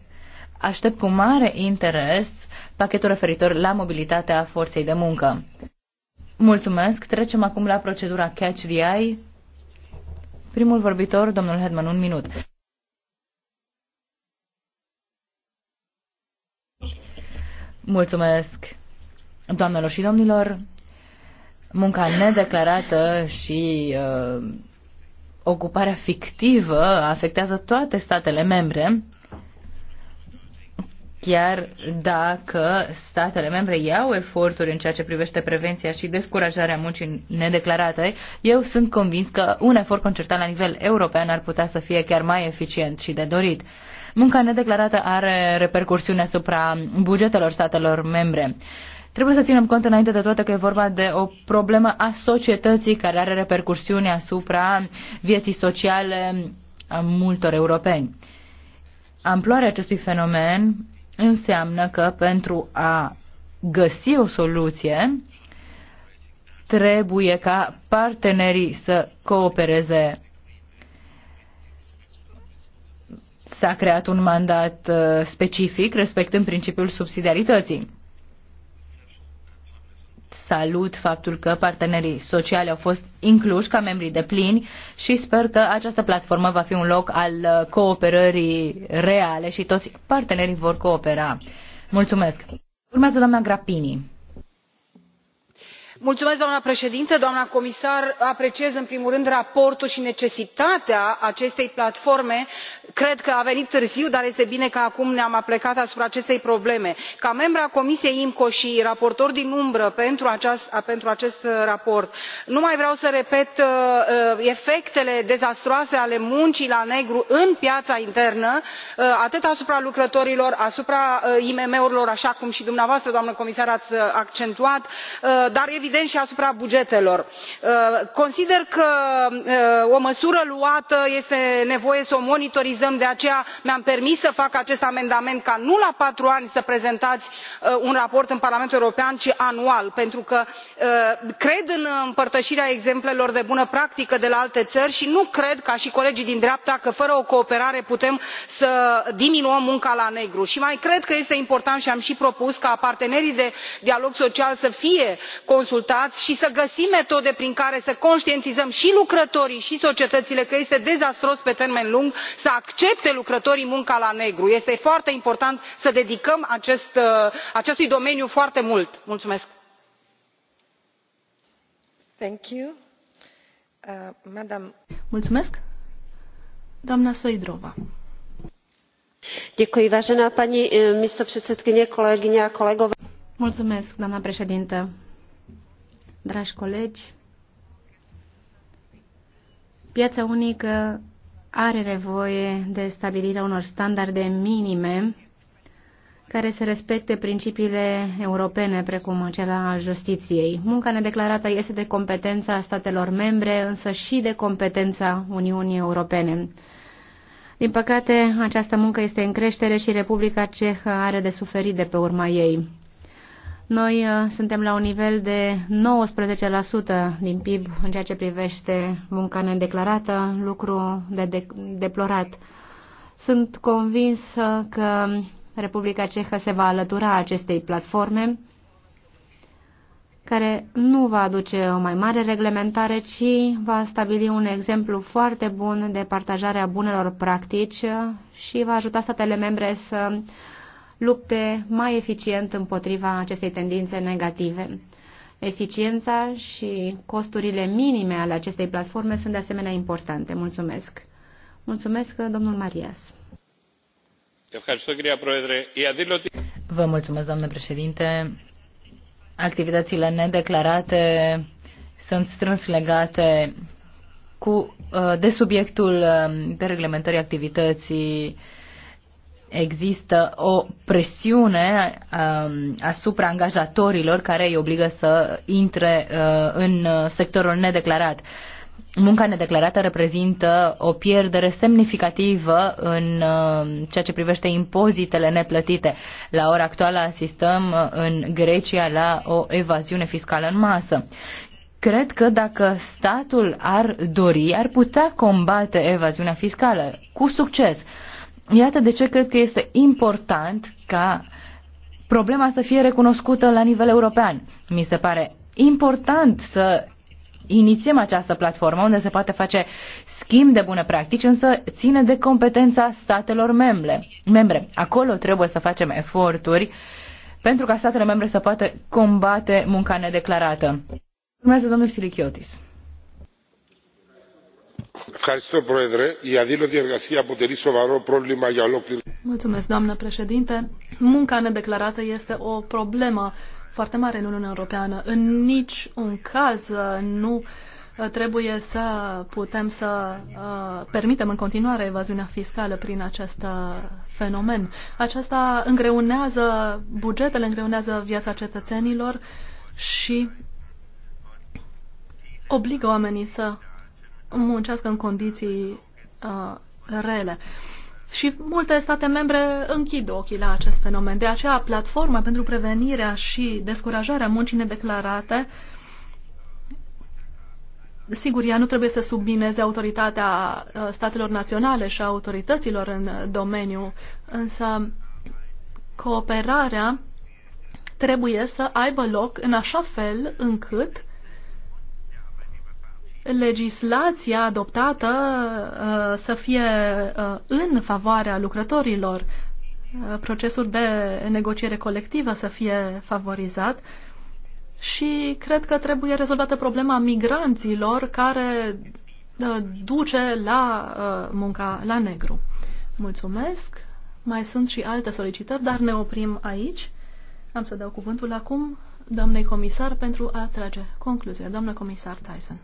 aștept cu mare interes pachetul referitor la mobilitatea forței de muncă. Mulțumesc. Trecem acum la procedura Catch the Eye. Primul vorbitor, domnul Hedman, un minut. Mulțumesc, doamnelor și domnilor. Munca nedeclarată și uh, ocuparea fictivă afectează toate statele membre, chiar dacă statele membre iau eforturi în ceea ce privește prevenția și descurajarea muncii nedeclarate, eu sunt convins că un efort concertat la nivel european ar putea să fie chiar mai eficient și de dorit munca nedeclarată are repercursiune asupra bugetelor statelor membre. Trebuie să ținem cont înainte de toate că e vorba de o problemă a societății care are repercursiuni asupra vieții sociale a multor europeni. Amploarea acestui fenomen înseamnă că pentru a găsi o soluție, trebuie ca partenerii să coopereze S-a creat un mandat uh, specific, respectând principiul subsidiarității. Salut faptul că partenerii sociali au fost incluși ca membri de plini și sper că această platformă va fi un loc al uh, cooperării reale și toți partenerii vor coopera. Mulțumesc! Urmează doamna Grapini doamnă președintă doamnă comisar apreciez în primul rând raportul și necesitatea acestei platforme cred că a venit târziu dar este bine că acum ne am aplecat asupra acestei probleme. ca membră a comisiei imco și raportor din umbră pentru acest raport nu mai vreau să repet uh, uh, efectele dezastruoase ale muncii la negru în piața internă uh, atât asupra lucrătorilor asupra imm urilor așa cum și dumneavoastră doamnă comisar ați accentuat dar evident evident și asupra bugetelor. Uh, consider că uh, o măsură luată este nevoie să o monitorizăm de aceea mi am permis să fac acest amendament ca nu la patru ani să prezentați uh, un raport în parlamentul european ci anual pentru că cred în împărtășirea exemplelor de bună practică de la alte țări și nu cred ca și colegii din dreapta că fără o cooperare putem să diminuăm munca la negru și mai cred că este important și am și propus ca partenerii de dialog social să fie consultați consultați și să găsim metode prin care să conștientizăm și lucrătorii și societățile că este dezastruos pe termen lung să accepte lucrătorii munca la negru este foarte important să dedicăm uh, acestui domeniu foarte mult timp. Uh, Mulțumesc. Doamna eh, Mulțumesc, președintă dragi colegi, piața unică are nevoie de stabilirea unor standarde minime care să respecte principiile europene, precum acela al justiției. Munca nedeclarată este de competența statelor membre, însă și de competența Uniunii Europene. Din păcate, această muncă este în creștere și Republica Cehă are de suferit de pe urma ei. Noi uh, suntem la un nivel de 19% din PIB în ceea ce privește munca nedeclarată, lucru de, de deplorat. Sunt convins uh, că Republica Cehă se va alătura acestei platforme care nu va aduce o mai mare reglementare, ci va stabili un exemplu foarte bun de partajare a bunelor practici uh, și va ajuta statele membre să lupte mai eficient împotriva acestei tendințe negative. Eficiența și costurile minime ale acestei platforme sunt de asemenea importante. Mulțumesc. Mulțumesc, domnul Marias. Vă mulțumesc, doamnă președinte. Activitățile nedeclarate sunt strâns legate cu, uh, de subiectul uh, de reglementării activității există o presiune um, asupra angajatorilor care îi obligă să intre uh, în sectorul nedeclarat. Munca nedeclarată reprezintă o pierdere semnificativă în uh, ceea ce privește impozitele neplătite. La ora actuală asistăm în Grecia la o evaziune fiscală în masă cred că dacă statul ar dori, ar putea combate evaziunea fiscală cu succes. Iată de ce cred că este important ca problema să fie recunoscută la nivel european. Mi se pare important să inițiem această platformă unde se poate face schimb de bune practici, însă ține de competența statelor membre. membre. Acolo trebuie să facem eforturi pentru ca statele membre să poată combate munca nedeclarată. Urmează domnul Silichiotis doamnă președinte. Munca nedeclarată este o problemă foarte mare în Uniunea Europeană. În nici un caz uh, nu uh, trebuie să putem să uh, permitem în continuare evaziunea fiscală prin acest uh, fenomen. Aceasta îngreunează bugetele, îngreunează viața cetățenilor și obligă oamenii să muncească în condiții uh, rele. Și multe state membre închid ochii la acest fenomen. De aceea, platforma pentru prevenirea și descurajarea muncii nedeclarate, sigur, ea nu trebuie să submineze autoritatea uh, statelor naționale și a autorităților în domeniu, însă cooperarea trebuie să aibă loc în așa fel încât legislația adoptată uh, să fie uh, în favoarea lucrătorilor, uh, procesul de negociere colectivă să fie favorizat și cred că trebuie rezolvată problema migranților care uh, duce la uh, munca la negru. Mulțumesc. Mai sunt și alte solicitări, dar ne oprim aici. Am să dau cuvântul acum doamnei comisar pentru a trage concluzia. Doamna comisar Tyson.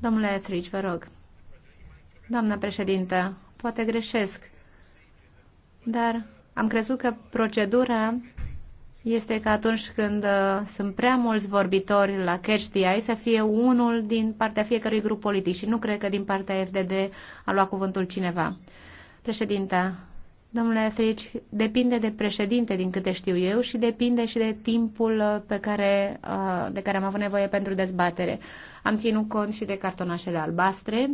Domnule Etheridge, vă rog. doamnă președintă, poate greșesc, dar am crezut că procedura este că atunci când uh, sunt prea mulți vorbitori la Catch the Eye să fie unul din partea fiecărui grup politic și nu cred că din partea FDD a luat cuvântul cineva. Președinta, Domnule Efrici, depinde de președinte, din câte știu eu, și depinde și de timpul uh, pe care, uh, de care am avut nevoie pentru dezbatere. Am ținut cont și de cartonașele albastre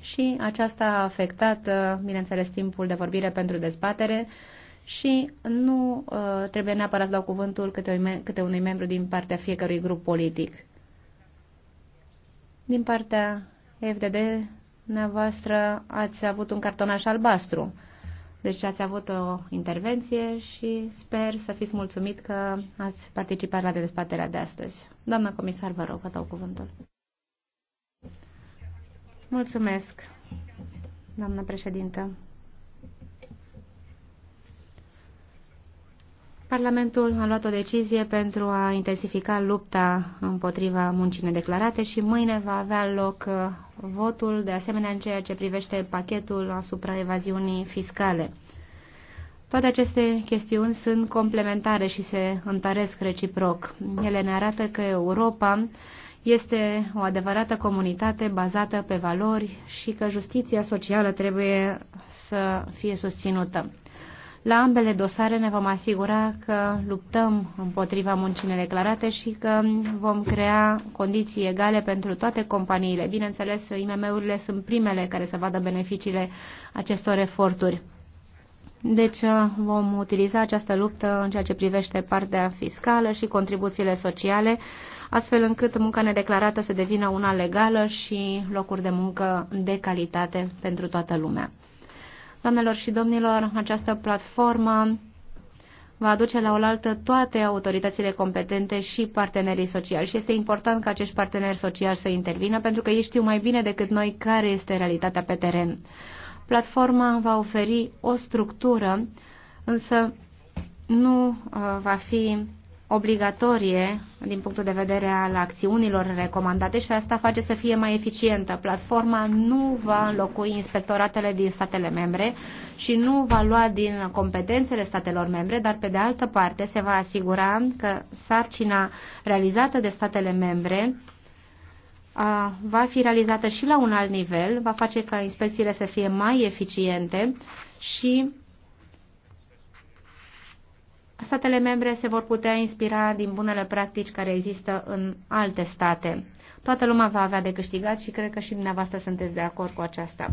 și aceasta a afectat, uh, bineînțeles, timpul de vorbire pentru dezbatere și nu trebuie neapărat să dau cuvântul câte, câte unui membru din partea fiecărui grup politic. Din partea FDD, dumneavoastră ați avut un cartonaș albastru. Deci ați avut o intervenție și sper să fiți mulțumit că ați participat la dezbaterea de astăzi. Doamna comisar, vă rog, vă dau cuvântul. Mulțumesc, doamna președintă. Parlamentul a luat o decizie pentru a intensifica lupta împotriva muncii nedeclarate și mâine va avea loc uh, votul, de asemenea în ceea ce privește pachetul asupra evaziunii fiscale. Toate aceste chestiuni sunt complementare și se întăresc reciproc. Ele ne arată că Europa este o adevărată comunitate bazată pe valori și că justiția socială trebuie să fie susținută. La ambele dosare ne vom asigura că luptăm împotriva muncii nedeclarate și că vom crea condiții egale pentru toate companiile. Bineînțeles, IMM-urile sunt primele care să vadă beneficiile acestor eforturi. Deci uh, vom utiliza această luptă în ceea ce privește partea fiscală și contribuțiile sociale, astfel încât munca nedeclarată să devină una legală și locuri de muncă de calitate pentru toată lumea. Doamnelor și domnilor, această platformă va aduce la oaltă toate autoritățile competente și partenerii sociali. Și este important ca acești parteneri sociali să intervină, pentru că ei știu mai bine decât noi care este realitatea pe teren. Platforma va oferi o structură, însă nu uh, va fi obligatorie din punctul de vedere al acțiunilor recomandate și asta face să fie mai eficientă. Platforma nu va înlocui inspectoratele din statele membre și nu va lua din competențele statelor membre, dar pe de altă parte se va asigura că sarcina realizată de statele membre va fi realizată și la un alt nivel, va face ca inspecțiile să fie mai eficiente și statele membre se vor putea inspira din bunele practici care există în alte state. Toată lumea va avea de câștigat și cred că și dumneavoastră sunteți de acord cu aceasta.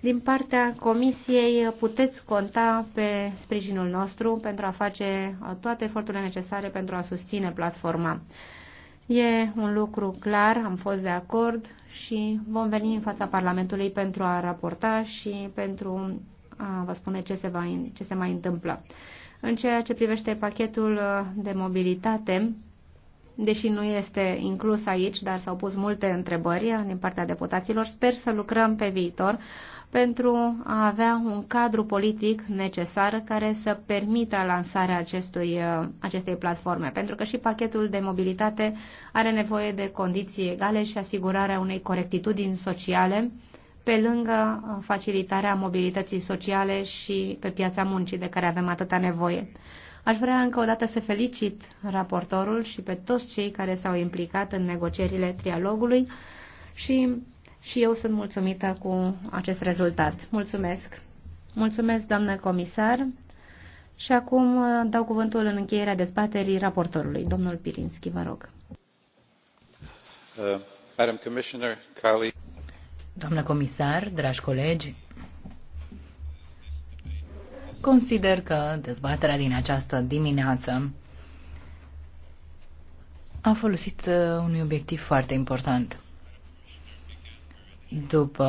Din partea Comisiei puteți conta pe sprijinul nostru pentru a face uh, toate eforturile necesare pentru a susține platforma. E un lucru clar, am fost de acord și vom veni în fața Parlamentului pentru a raporta și pentru a vă spune ce se, va, ce se mai întâmplă. În ceea ce privește pachetul uh, de mobilitate, deși nu este inclus aici, dar s-au pus multe întrebări uh, din partea deputaților, sper să lucrăm pe viitor pentru a avea un cadru politic necesar care să permită lansarea acestui, uh, acestei platforme, pentru că și pachetul de mobilitate are nevoie de condiții egale și asigurarea unei corectitudini sociale pe lângă uh, facilitarea mobilității sociale și pe piața muncii de care avem atâta nevoie. Aș vrea încă o dată să felicit raportorul și pe toți cei care s-au implicat în negocierile trialogului și, și eu sunt mulțumită cu acest rezultat. Mulțumesc! Mulțumesc, doamnă comisar! Și acum uh, dau cuvântul în încheierea dezbaterii raportorului. Domnul Pirinski, vă rog. Uh, Madam Commissioner, colleague. Doamnă comisar, dragi colegi, consider că dezbaterea din această dimineață a folosit uh, un obiectiv foarte important. După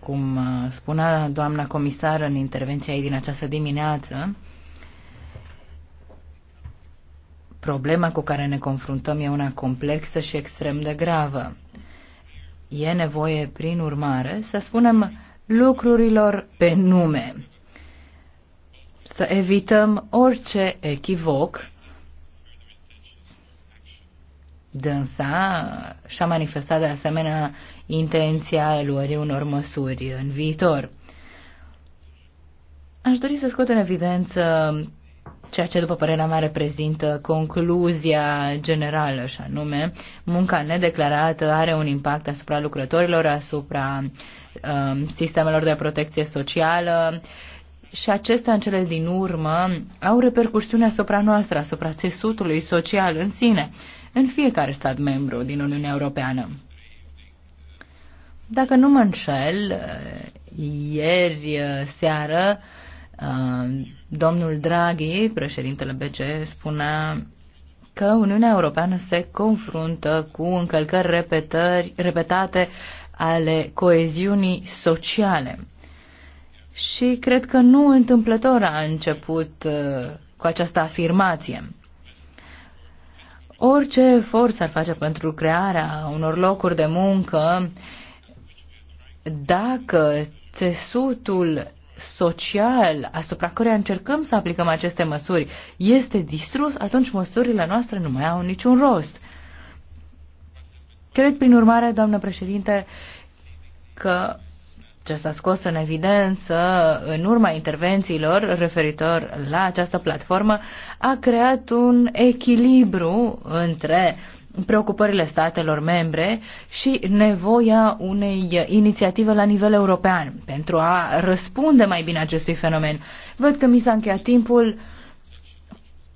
cum uh, spunea doamna comisar în intervenția ei din această dimineață, problema cu care ne confruntăm e una complexă și extrem de gravă. E nevoie, prin urmare, să spunem lucrurilor pe nume, să evităm orice echivoc. Dânsa și-a manifestat de asemenea intenția luării unor măsuri în viitor. Aș dori să scot în evidență ceea ce, după părerea mea, reprezintă concluzia generală, și anume, munca nedeclarată are un impact asupra lucrătorilor, asupra um, sistemelor de protecție socială și acestea, în cele din urmă, au repercursiuni asupra noastră, asupra țesutului social în sine, în fiecare stat membru din Uniunea Europeană. Dacă nu mă înșel, ieri seară, Um, domnul Draghi, președintele BCE, spunea că Uniunea Europeană se confruntă cu încălcări repetări, repetate ale coeziunii sociale. Și cred că nu întâmplător a început uh, cu această afirmație. Orice efort ar face pentru crearea unor locuri de muncă, dacă țesutul social asupra căruia încercăm să aplicăm aceste măsuri este distrus, atunci măsurile noastre nu mai au niciun rost. Cred, prin urmare, doamnă președinte, că ce s-a scos în evidență în urma intervențiilor referitor la această platformă a creat un echilibru între uh, preocupările statelor membre și nevoia unei inițiative la nivel european pentru a răspunde mai bine acestui fenomen. Văd că mi s-a încheiat timpul.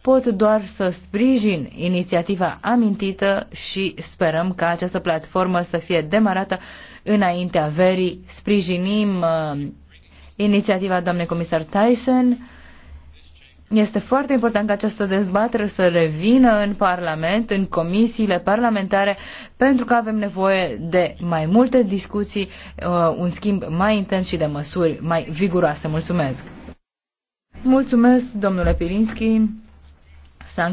Pot doar să sprijin inițiativa amintită și sperăm ca această platformă să fie demarată înaintea verii. Sprijinim uh, inițiativa doamnei comisar Tyson este foarte important ca această dezbatere să revină în Parlament, în comisiile parlamentare, pentru că avem nevoie de mai multe discuții, uh, un schimb mai intens și de măsuri mai viguroase. Mulțumesc! Mulțumesc, domnule Pirinski!